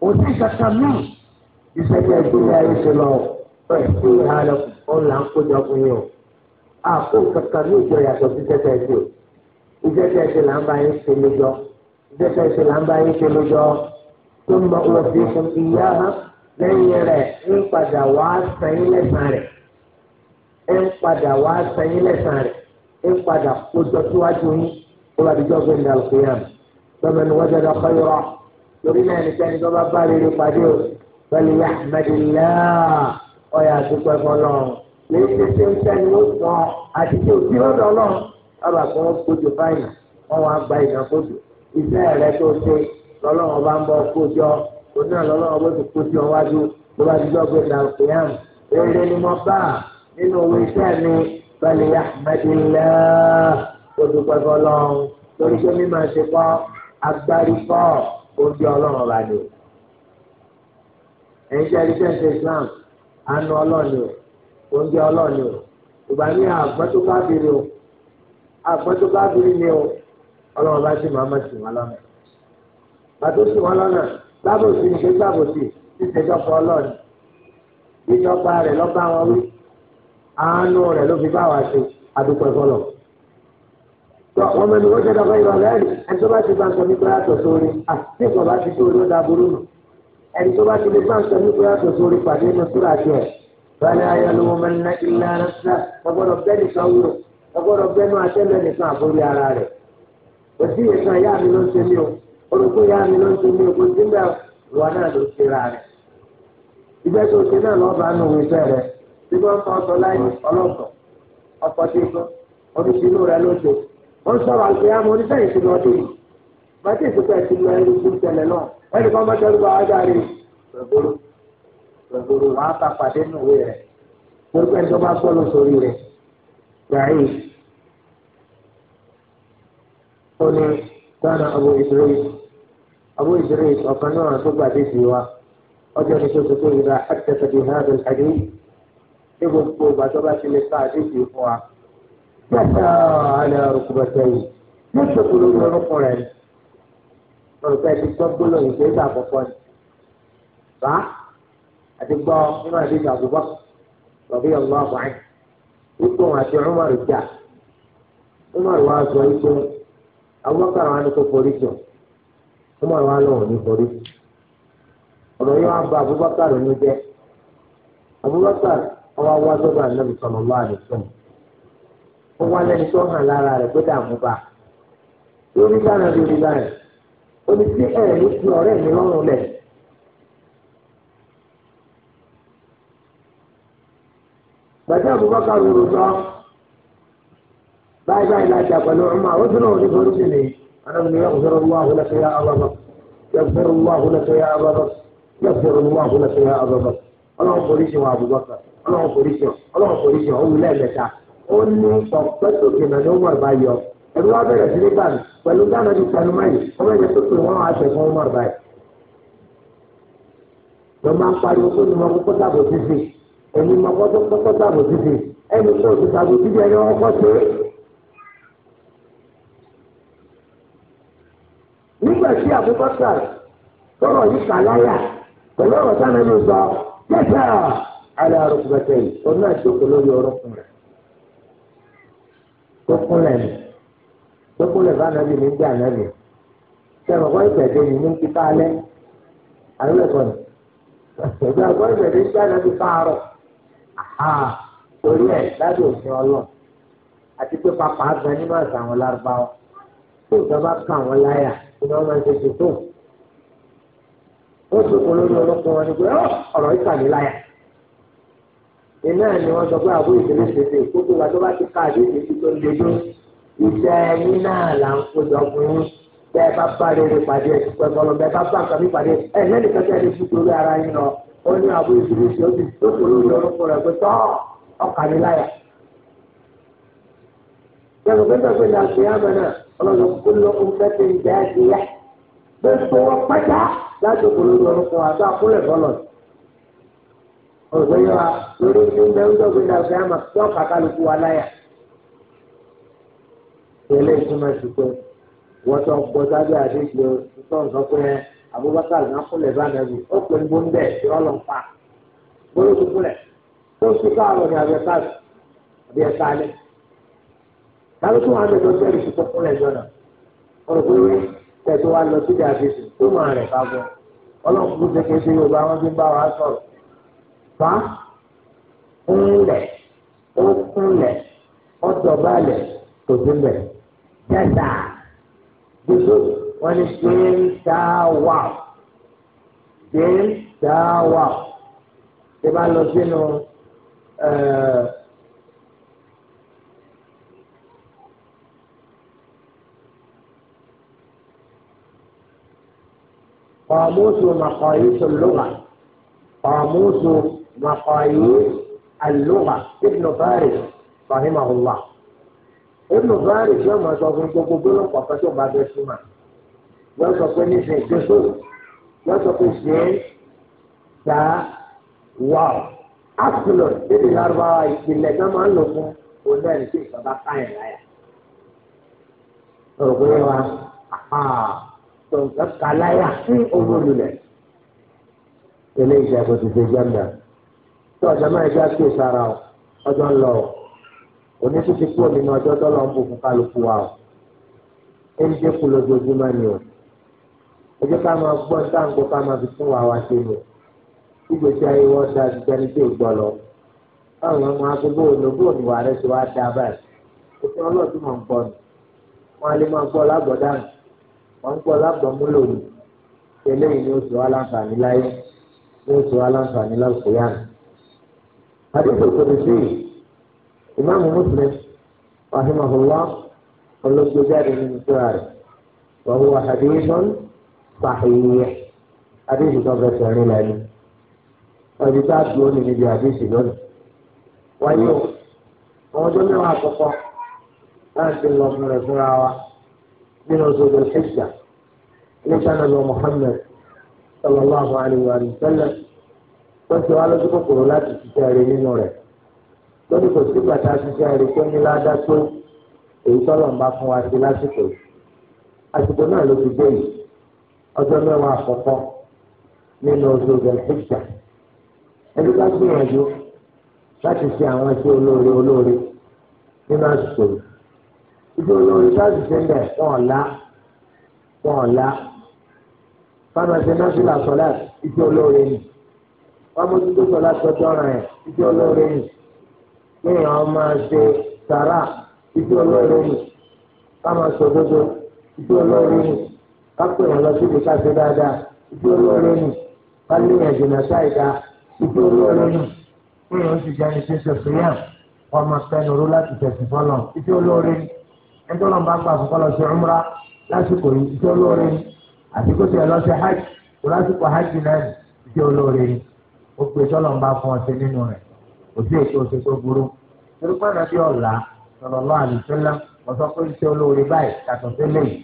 Speaker 1: kò sí kankan míì bí sẹ́tẹ̀ gbélé ayé ti lọ ẹ̀ sí àlọ́kùn ọ̀là ń kójọ fún yín o àpò kankan ní ìjọ yàtọ̀ sí sẹ́tẹ̀ gbé ìjẹ́tẹ̀ ṣe là ń bá yín ṣe lójọ́ ìjẹ́tẹ̀ ṣe là ń bá yín ṣe lójọ́ tó mọ òfin ìṣòfin yá hàn lẹ́yìn rẹ̀ ń padà wá sẹ́yìn lẹ́sàn rẹ̀ ń padà wá sẹ́yìn lẹ́sàn rẹ̀ ń padà kójọ síwájú yín tó bá dijọ́ gbé ní alùpùpù lọ́mọ ní wọ́n jẹ́dọ̀ kọ́ yọrọ lórí náà nìkẹ́ni tó bá bá rere pàdé o pẹ̀lú yahmadilá ọ̀yà àdúgbò ẹ̀fọ́ lọ́rùn lèyí ti ṣe ń sẹ́ni ó sọ àti tí òbí lọ́dọ̀ náà bàbá kan kójú báyìí wọ́n wá gba ìdàkójú iṣẹ́ rẹ̀ tó ṣe lọ́lọ́wọ́ bá ń bọ́ kójọ òun náà lọ́lọ́wọ́ bó ti kójọ wájú ló bá ti gbọ́ pé nàìjíríàn eré ni mo bá nínú owó iṣẹ́ mi pẹ̀lú ahmadilá olùpẹ̀ fọlọ́run torí pé mímọ̀ ṣe kọ́ agbárí kọ́ ọlọ́run bá ní. ẹ̀yin jẹ́ ẹni Islam àánú ọlọ́ọ̀ni o oúnjẹ ọlọ́ọ̀ni o ìgbà ní àgbọ́tò káfíìrì o àgbọ́tò káfíìrì ni o ọlọ́run bá sì máa mọ̀ sí wọn lọ́nà àtúnṣe wọn lọ́nà lábòsí ní gbàbòsí ìṣèjọba ọlọ́ọ̀ni ìjọba rẹ̀ lọ́ba wọn wí àánú rẹ̀ ló fi bá wa ṣe àdúpẹ́ fọlọ̀. tọ́ wọ́n mẹ́nu wọ́n ṣẹ̀dá fún ìrọ̀lẹ́ ẹ̀rí ẹni tó bá ti bá ń sọ nípa yàtọ̀ sórí àti ìkọ̀ bá ti sórí ó dáburú nù ẹni tó bá ti lè bá ń sọ nípa yàtọ̀ sórí pàdé inú súrà tiẹ̀ báyìí ayé ló wọ́n mẹ́nu náà ilé ara ṣá ọgbọ́dọ̀ bẹ́ẹ̀ nìkan wúlò ọgbọ́dọ̀ bẹ́ẹ̀ nù àtẹ́lẹ̀ nìkan àforí ara rẹ̀ òsì ìyẹ̀sán ìyá mi ló ń ṣe mí o olùkọ́ ìyá mi ló ń ṣe ní ogun síbẹ̀ ìwọ náà ló ṣe ra rẹ̀ ìgbẹ́ tó ṣe náà lọ́ọ́ bá nù wíṣẹ́ rẹ̀ tí wọ́n fọ́ ọ̀tọ̀ láì ọlọ́sọ̀ ọkọ̀ tí gbọ́ oníṣirò rẹ̀ ló ṣe wọ́n sọ̀rọ̀ àgbẹ̀ àmọ́ oníṣẹ́yìn ti lọ́ọ́ dé yìí bàtí ìsìnkú ti lọ ẹni tó tẹ̀lẹ̀ náà ẹnì kan bá tẹ̀lé bá wá dáre gbogbo gbogbo wàá bá pàdé nùwé rẹ̀ gbogbo ẹni tó bá sọ lọ sórí rẹ̀ gbàyè ó ní. كان أبو إدريس أبو إدريس وقنوع تبع بيتي وجل شفته إذا حدث بهذا الحديث ابن طوبة تبع لقاء بيتي هو يسعى على ركبتيه يشرب لون ركبتيه olùkọ́ ti gbọ́ gbólóyìn tó ìgbà àkọ́kọ́ ni bá àti gbọ́ nínú àdéhùn àbúgbọ́ lọ́bí ọ̀gbọ́n àbáyé wípé òun àti Umar jà Umar wá sọ wípé. abubakar wa ni kò forí sọ ọmọ wa lọ́wọ́ ní forí ọ̀rọ̀ wá abubakar ní jẹ́ abubakar ọwọ́ wa sọ́dọ̀ anabi sọ̀rọ̀ lọ́wọ́ àdìsọ́n ó wá lẹ́ni tó hàn lára rẹ̀ pé dààmú bá lórí lórí omi tí ti ọ̀rẹ́ mi lọ́rùn lẹ̀. abubakar rò باي باي لا شاف نعمة وثنى وجهه رسله أنا na يغفر الله لك يا أبا بكر يغفر الله لك يا أبا بكر يغفر الله لك يا أبا بكر ọlọ́run polisi wọn abubakar ọlọ́run polisi wọn ọlọ́run polisi wọn òun lẹ́ẹ̀mẹ́ta ó ní ọ̀pẹ́tò kìnnà ní ọmọ ọ̀bá yọ sí ní báyìí pẹ̀lú dáná ní tanumá yìí ọmọ ẹ̀jẹ̀ tó pè wọ́n àṣẹ fún ọmọ ọ̀bá lọ máa ń pariwo ní títì àfikọ́ sọ̀rọ̀ tọ́rọ̀ yìí sàláyà pẹ̀lú ọ̀rọ̀ sáà lẹ́nu gbọ́ yẹ́sà àlẹ́ àrùkù bẹ̀tẹ̀ yìí òun náà ṣòkò lórí orúkún rẹ̀ tó kúnlẹ̀ nì tó kúnlẹ̀ bá nàbì ní gbà nàbì sẹ́wọ̀n kọ́ ìpẹ̀dé yìí ní kíkọ́ alẹ́ àrùlẹ̀kọ́ ni ìgbà kọ́ ìpẹ̀dé gbà nàbì káàárọ̀ torí ẹ̀ lábẹ́ òfin ọlọ́ àti pé pàpà gan nínú àṣà àwọn tó ìjọba kàn wọ́n láyà kí wọ́n máa ń tètè tó ó sì kún lórí ọlọ́pàá wọn ni pé ọ̀rọ̀ yìí kàn mí láyà iná ni wọ́n sọ pé àbú ìdílé ṣèṣe ìkókó wa tó bá ti ká àdéhùn sí tó le dún iṣẹ́ ẹyin náà là ń kó jọ fún yín bẹ́ẹ̀ bá bá lórí pàdé ẹ̀ pẹ́ bọ́lọ́ bẹ́ẹ̀ bá bá nǹkan mi pàdé ẹ̀ lẹ́nu kẹ́kẹ́ ẹni fún torí ara yín lọ ó ní àbú ìdílé ṣe ti tó kó lórí ọlọ́pàá rẹ̀ pé tọ́ ọkàn mi láyà. yàtọ̀ pé pẹ́pẹ́ ni àṣeyàmẹ́ náà ọlọ́run kúlọ̀ ọ̀fẹ́tẹ̀ ìjà ìyá gbogbo wọn pátá láti òkú lórí ọlọ́kọ̀ àti àkúlẹ̀ bọ́lọ̀ ọ̀gbẹ́ yẹn wa lórí ìdúgbò ńdọ̀gbẹ́ ìdàgbẹ́ àmà yọ kàkálùkù wa láyà tẹ̀lé ìtumọ̀ ìdúpẹ́ wọ́n tó gbọ́ sábẹ́ àdéhùn ìtọ́ nǹkan pé Abubakar náà kúlẹ̀ bá nàbì ó pè ń bóńdẹ̀ ìrọ́lọ́pàá gbólóṣùkúlẹ̀ tó ń fi káàrọ̀ ní abẹ́ká tàbí tó wàá lọ́dọ̀ bẹ́ẹ̀ sì tọ́ fúnlẹ̀ lọ́nà ọ̀rọ̀ pé wẹ́ tẹ̀tọ́ wa lọ síbi àfihàn tó máa rẹ̀ ká bọ̀ ọlọ́run kú tẹ́kẹ́ sí yorùbá wọn fi ń bá wa sọ̀rọ̀ fa ńlẹ̀ ó kúnlẹ̀ ó dọ̀bálẹ̀ kò lẹ̀ jẹ́ta gbogbo wọn ni gbẹ́ńtà wà gbẹ́ńtà wà ṣé bá lọ sínú ẹ̀ẹ́. قاموس مقاييس اللغة قاموس مقاييس اللغة ابن فارس رحمه الله ابن فارس يوم أصابون جوجو وقفتوا بعد السماء وصفوا نسي جسو وصفوا سين تا واو أصل إبن الأربعة إلا كما لكم ونالك سبقا يا رب sọ nǹkan kàláyà sí owó lulẹ̀. ilé ìjà kò ti ṣe jẹ́mbà tí ọ̀dọ́ máa já sí ìsara o ọjọ́ ń lọ o òní tó ti kúrò nínú ọjọ́ tó lọ ń bò fún kálukú wa o ó ń dínkù lójoojúmọ́ ni o ẹ jẹ́ ká máa gbọ́ sáǹgbó ká máa fi fún wa wá sí ni ìgbésí ayé wọn da ìjẹni tí ò gbọ́ lọ báwọn ọmọ agbègbè olóògbé òníwà rẹ ti wá dá báyìí òfin ọlọ́ọ̀tún mọ̀ ń gbọ́ ni wọn á lè máa gbọ́ lágbọ̀dá wọ́n ń pọ̀ lábọ̀múlò ni eléyìí ni oṣù aláǹfààní láyé ní oṣù aláǹfààní lálùkòyàn. àdéhùn ìṣòro sí ìmáàmù Muslim rahimahullah olóṣèjáde nínú síra rẹ̀ wa huwa hadithun sahih àdéhùn ìṣòro sẹ̀rin lẹ́nu. ọ̀dí tá a dúró nínú ibi àdéhùn lónìí. wáyé o àwọn ọjọ́ mẹ́wàá àkọ́kọ́ láti lọ fún rẹ̀ fúnra wa nínú oṣù tó ṣèṣà nípa nàbẹ Muhammad sallallahu alayhi wa sallam wọ́n ti wá lójú kòkòrò láti ṣiṣẹ́ rẹ nínú rẹ̀ lórí kò sí bàtà ṣiṣẹ́ rẹ tó ní ládàá tó èyí tọ́lọ̀ ń bá fún wa sí lásìkò yìí àsìkò náà ló ti dé yìí ọjọ́ mẹ́wàá àkọ́kọ́ nínú oṣù tó ṣèṣà ẹbí ká gbìyànjú láti ṣe àwọn iṣẹ́ olóore olóore nínú àsìkò yìí ìdí olórí láti ṣe ń bẹ̀ wọ́n ọ̀la wọ́n ọ̀la fámẹ́sì nọ́sílà sọ́lá ìdí olórí ni wọ́n mójútó sọ́lá tọ́jọ́ rẹ̀ ìdí olórí ni kéèyàn máa ṣe sàrà ìdí olórí ni káma sòdodo ìdí olórí ni kápẹ́ wọn lọ síbi káṣe dáadáa ìdí olórí ni kálíyàn jìnnà sáìdá ìdí olórí ni kéèyàn sì jẹ́ ẹni tí ń ṣe sùúrù wọn máa fẹ́ nuru láti tẹ̀sí fọ́lọ́ ìdí olórí ni ẹjọ́ náà bá pa àkọ́kọ́ lọ sí umra lásìkò iṣẹ́ olóore ni àsìkò tí ẹ lọ sí hajj kò lásìkò hajj náà iṣẹ́ olóore ni ó pe tọ́lọ̀ ń bá fún ọ sí nínú rẹ̀ kò sí èso oṣù tó burú torí pé nàbí ọ̀la sọ̀rọ̀ lọ́wọ́ àlùfẹ́lá wọ́n sọ pé iṣẹ́ olóore báyìí yàtọ̀ sí lẹ́yìn.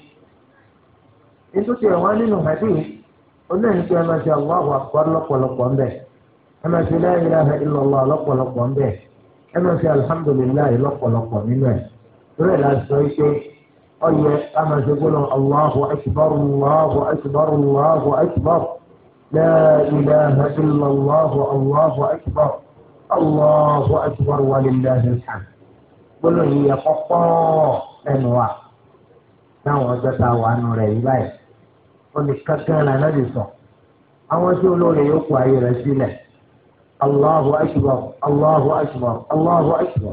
Speaker 1: nítorí ẹ̀wọ̀n nínú hadith oníyẹn tó ẹ máa ṣe àwọn àwọn àkọ́ lọ́pọ̀lọpọ̀ ń bẹ̀ ẹ máa ṣe la ilaha illallah lọ́pọ̀lọpọ̀ ń bẹ̀ ẹ máa ṣe alhamdulillahi lọ́pọ̀lọpọ̀ nínú ẹ̀. فعلها الشيطان أي أما تقولون الله أكبر الله أكبر الله أكبر لا إله إلا الله الله أكبر الله أكبر ولله الحمد قل هي قطة أنواع نوع جتا وانو ريباي قل كتنا نجسا أما تقولون يقوى رسيلة الله الله أكبر الله أكبر, الله أكبر.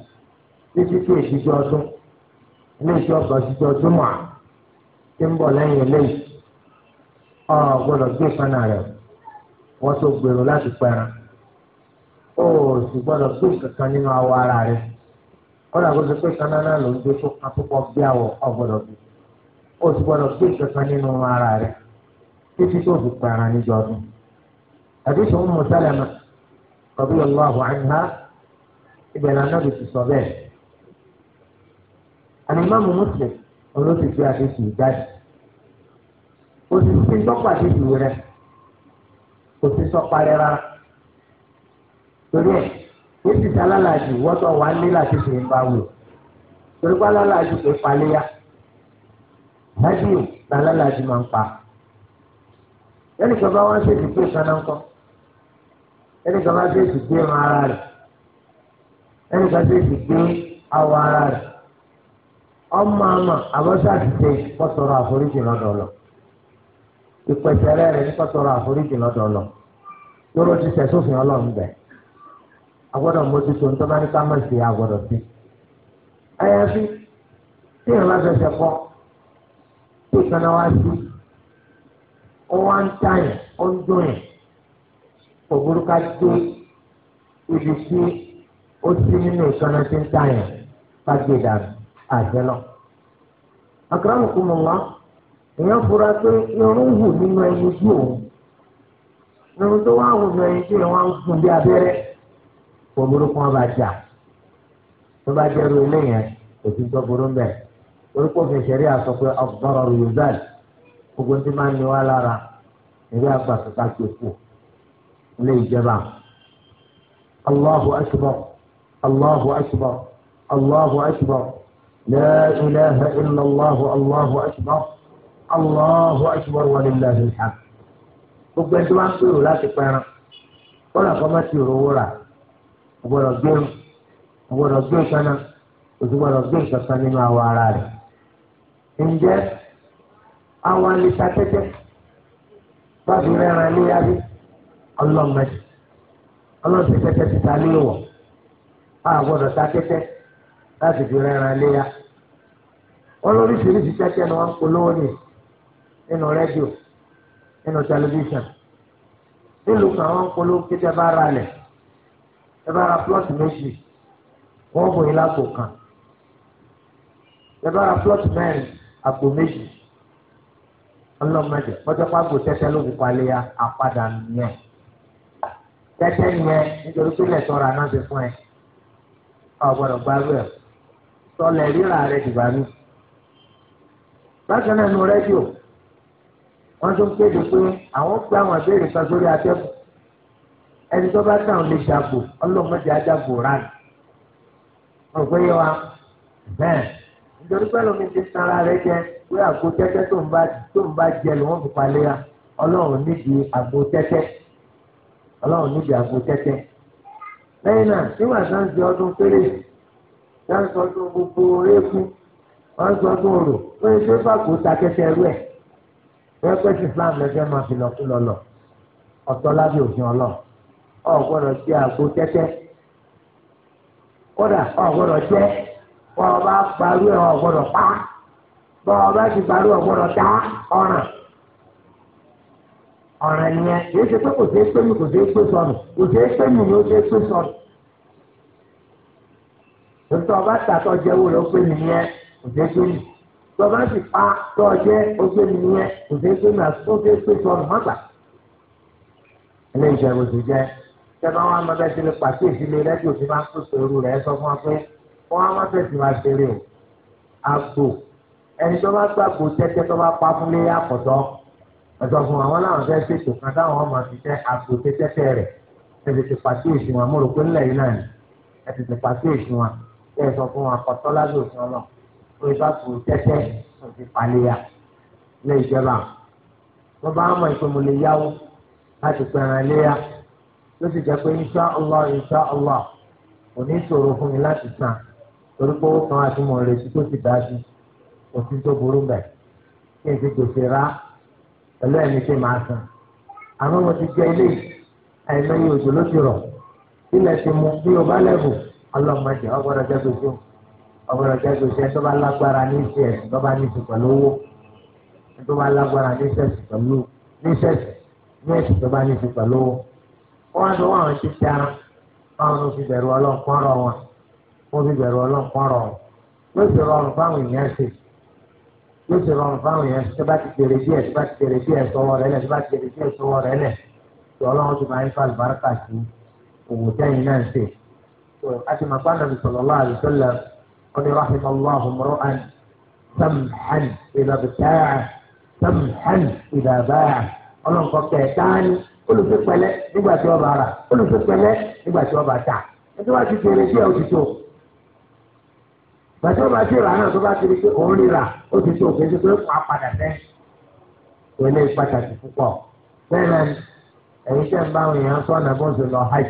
Speaker 1: títí tí òṣìṣẹ́ ọdún iléeṣẹ́ ọkọ òṣìṣẹ́ ọdún mọ́ ti ń bọ̀ lẹ́yìn eléyìí ọ gbọ́dọ̀ gbé ìpanu rẹ̀ wọ́n tó gbèrò láti pẹran ó sì gbọdọ gbé kankan nínú awọ ara rẹ̀ ló ń gbé tó kan bí àlùmọ́ọ̀mù mùsùlùmí olóòtú pé àdéhùn ìjáde òṣìṣẹ́ tọ́pọ̀ àdéhùn rẹ̀ kò sí sọ́parẹ́ rárá torí ẹ̀ ó sì sá lálàájú wọ́tọ̀ wà ní láti fi ń bá wò torí pé alálàájú kò paléyà lájú lálàájú máa ń pa ẹnìkan bá wọn ṣe ìdìbò ìkànnà ńkọ ẹnìkan bá ṣe ìdìbò ìran ara rẹ̀ ẹnìkan ṣe ìdìbò awọ ara rẹ̀ ọmọ àmà àbọ̀sàtìtì kọ́tọ̀rọ̀ àforíjì lọ́dọ̀ lọ. ìpẹ̀sẹ̀rẹ́ rẹ̀ ní kọ́tọ̀rọ̀ àforíjì lọ́dọ̀ lọ. lóró ti tẹ̀ sófin ọlọ́run bẹ̀. agbọ́dọ̀ mójútó ní tọ́ba ní ká má ṣe agbọ́dọ̀ sí. ayáfi tí ìrìn láfẹsẹ̀ kọ́ tí ìkànnà wá sí ó wá ń tàyàn ó ń dùnyàn òbúrú ká dé ibi tí ó sí nínú ìkànnà tí ń tàyàn ká gbé dànù àjẹlọ. àkàràmù kò mọ̀ wá èèyàn fura pé irun hù nínú ẹyin ojú òun irun tó wá hù nínú ẹyin tí wọn ń fún bí abẹ́rẹ́ kò burúkú wọn bá jà tó bá jẹ́ ru eléyẹn òtún tó burú ń bẹ̀ orúkọ fẹsẹ̀rí àsọ pé ọ̀gbọ́rọ̀ rúzàl gbogbo tí máa ń ní wá lára ìwé àgbàsọ̀tà tó kù ilé ìjọba. Allahu akbar Allahu akbar Allahu akbar. لا إله إلا الله الله أكبر الله أكبر ولله الحمد gbogbo ẹni tó bá ń pèrò láti pẹran kọ́nà kan bá ti rówó rà ọgbọ́dọ̀ gbé ọgbọ́dọ̀ gbé kaná òtún gbọ́dọ̀ gbé kankan nínú awọ ara rẹ̀ ǹjẹ́ àwọn alisa tẹ́tẹ́ bá fi rẹ́ran níyàbí ọlọ́mọdé ọlọ́sẹ̀ ti ta ní ìwọ̀ àgbọ̀dọ̀ ta tẹ́tẹ́ láti fi rẹ́ran níyàbí wọn lóríṣiríṣi tẹ́tẹ́ ni wọ́n ń polówó ní nínú rẹ́díò nínú tẹlifíṣàn nílùú kan wọ́n ń polówó kí tẹ́ bá ra lẹ̀ tẹ́ bá ra plọ́ọ̀tì méjì wọ́n bò yín lápò kan tẹ́ bá ra plọ́ọ̀tì mẹ́rin àpò méjì ọlọ́mọdé wọ́n tẹ́ pàgò tẹ́tẹ́ lóògùn palẹ́yà àpadà nìyẹn tẹ́tẹ́ nìyẹn nítorí pé lẹ́tọ́ ra náà ti fún ẹ ọ̀gbọ́dọ̀ gbárù ẹ̀ sọlẹ̀ ríra rẹ̀ dìbà bákan náà nu rédíò wọ́n tún kéde pé àwọn gbé àwọn àbẹ̀rẹ̀ kan sórí atẹ́kùn ẹni tó bá tàn lè dàgbò ọlọ́mọdé adágbò rán ọ̀pẹ́ yẹ wa bẹ́ẹ̀ nítorí pẹ́lú mi ti tan ara rẹ jẹ pé àgbo tẹ́tẹ́ tó ń bá tó ń bá jẹ ló wọ́n fi palẹ̀ ya ọlọ́run nídìí àgbo tẹ́tẹ́ ọlọ́run nídìí àgbo tẹ́tẹ́ lẹ́yìn náà nígbà tó ń ọdún péré tó ọdún gbogbo eégún wọ́n ń ọdún òrò wọ́n ṣe fàkó ta kẹ́kẹ́ rú ẹ̀ wọ́n pẹ́ sí Islam lẹ́fẹ́ máa fi lọ́kú lọ́lọ́ ọ̀tọ́ lábẹ́ òfin ọlọ́ ọ̀ gbọ́dọ̀ jẹ́ àgbo tẹ́tẹ́ kódà ọ̀ gbọ́dọ̀ jẹ́ bọ́ ọ bá parú ẹ̀ ọ̀ gbọ́dọ̀ pa bọ́ ọ bá ti parú ọ̀ gbọ́dọ̀ ta ọ̀ràn ọ̀ràn yẹn yóò ṣe pé kò sí pé mi kò sí pé sọnù kò sí pé mi ni ó ṣe pé sọnù tòótọ́ ọba tàtọ́ jẹ́wọ́ ló pé mi yẹn kò sí pé mi tọba sì pa tọ́jẹ́ oṣù nìyẹn kò sí pé nà ó fẹ́ pé sọ̀rọ̀ má gbà. ilé iṣẹ́ oṣù jẹ́ sẹ́fọ́n wa máa bẹ́ẹ̀ tilẹ̀ pàṣẹ ìdílé rẹ́díò tí máa ń pèsè ooru rẹ̀ sọ fún wa pé wọ́n á má bẹ́ẹ̀ tí máa ṣeré o. àgbò ẹni tó bá gbàgbó tẹ́tẹ́ tó bá pa fún lé àkọ́tọ́ ẹ̀sọ́ fún wa wọ́n láwọn fẹ́ ṣètò kan táwọn máa fi tẹ́ àgbò tẹ́tẹ́ rẹ̀ ẹ̀sì ti pàṣẹ ìṣìwọ̀n mo yìí náà ni ẹ̀sì ti pàṣẹ ìṣìwọ̀n ẹ̀ wọ́n bá kú tẹ́tẹ́ wọ́n ti paléyà ìjọba wọ́n bá mọ̀ ìpè mo lè yáwó láti pẹ̀rẹ̀ léyà ló sì jẹ́ pé insha allah insha allah kò ní ṣòro fún mi láti torí pé kan mọ̀ retí tó ti dájú òfin tó burú bẹ̀ kí n ti gbèsè pẹ̀lú ẹ̀mí tí màá àmọ́ mo ti jẹ ilé ẹ̀mí òjò ló ti rọ̀ ilẹ̀ ti mu bí o bá lẹ́bù ọ̀gbọ́dọ̀ jẹ́ ṣoṣẹ́ tó bá lágbára ní ìṣẹ̀sì tó bá ní ìṣẹ̀ pẹ̀lú owó tó bá lágbára ní ìṣẹ̀sì pẹ̀lú ní ìṣẹ̀sì ní ìṣẹ̀ tó bá ní ìṣẹ̀ pẹ̀lú owó. wọ́n á dún àwọn títí ara báwọn fi bẹ̀rù ọlọ́nkọ́rọ̀ wọn wọ́n fi bẹ̀rù ọlọ́nkọ́rọ̀ wọn yóò sì rọrùn fáwọn èèyàn ṣe yóò sì rọrùn fáwọn èèyàn ṣe tó bá ti tèrè díẹ̀ tó bá ti tèrè díẹ̀ sọ́wọ́ rẹ̀ lẹ̀ tó bá ti tèrè díẹ̀ sọ́wọ́ rẹ̀ lẹ̀ tó ọlọ́run tó máa ń fa àlùbáríkà sí òwò tẹ́yìn náà ṣe. àti màpá nàbì sallallahu alaihi wasallam قل رحم الله امرؤا سمحا إذا ابتاعه سمحا إذا باعه ọlọ́run kọ kẹ̀ẹ́tàn olùfẹ́ pẹ̀lẹ́ nígbà tí ọba rà olùfẹ́ pẹ̀lẹ́ nígbà tí ọba tà ẹjọ́ bá ti tẹ̀lé díẹ̀ ó ti tó gbàtí ọba ti rà náà tó bá ti rí pé òun rírà ó ti tó kí n ti pé padà fẹ́ pẹ̀lẹ́ pàtàkì púpọ̀ bẹ́ẹ̀ náà ẹ̀yin ń bá àwọn èèyàn sọ̀nà bó ń ṣe lọ hajj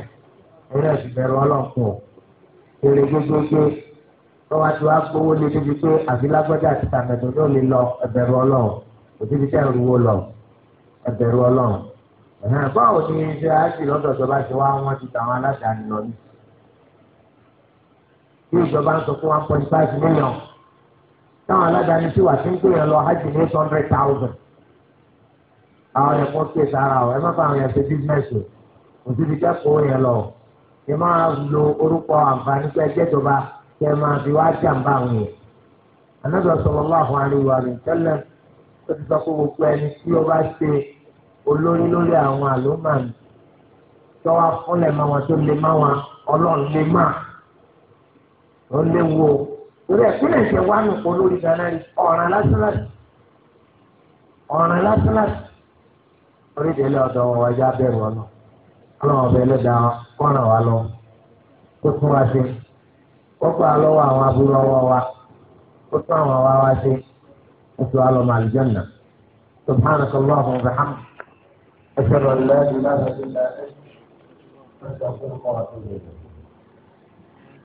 Speaker 1: ẹ̀yin náà bẹ̀rù ọlọ́run kù èrè gbégbégbé wọ́n wá ti wá gbowó ní ibi pé àbílágbọ́dá àti tàmẹ̀dọ̀ ló lè lọ ẹ̀bẹ̀rù ọlọ́run òbíbi tẹ̀ ń wo lọ ẹ̀bẹ̀rù ọlọ́run. báwo ni iṣẹ́ àti lọ́dọ̀ ìjọba ṣe wá wọ́n ti tàwọn aládàáni lọ ní. bí ìjọba ń sọ fún one point five million
Speaker 2: táwọn aládàáni
Speaker 1: sì wà sí ń gbìyànjú lọ hajj ní eight hundred thousand. àwọn ẹ̀kọ́ kí èsì ara ọ̀ ẹ má bá àwọn ẹ̀ṣẹ̀ bísíǹnẹ̀sì òbíbi tẹ̀ kó yẹn lọ. ìmọ̀ lo orúkọ àǹfààní pé ẹjẹ́ ìjọba kẹ ẹ máa fi wá jàǹbá àwọn yẹn Ànábì sallallahu alaihi wa sallam ó ti sọ pé gbogbo ẹni tí ó bá ṣe olórí lórí àwọn àlùmọ̀ mi tọ́wọ́ fúnlẹ̀ máa wọn tó lè máa wọn ọlọ́run lè máa ó lè wo torí ẹ̀kúnlẹ̀ ìṣẹ̀ wá nù pọ̀ lórí gánà ọ̀ràn lásánlásán ọ̀ràn lásánlásán orí ọ̀dọ̀ wọn wájú abẹ́rù ọ̀nà ọlọ́run ọ̀bẹ ẹlẹ́dàá kọ́ràn wá lọ tó tún wá sí kọ́kọ́ alọ́wọ́ àwọn aburú ọwọ́ wa ó tún àwọn ọwọ́ wa ṣe ó tún alọ́ màlì jẹ́nà subhanaka allahumma wa bihamdika ashhadu an la ilaha illa anta astaghfiruka wa atubu ilayk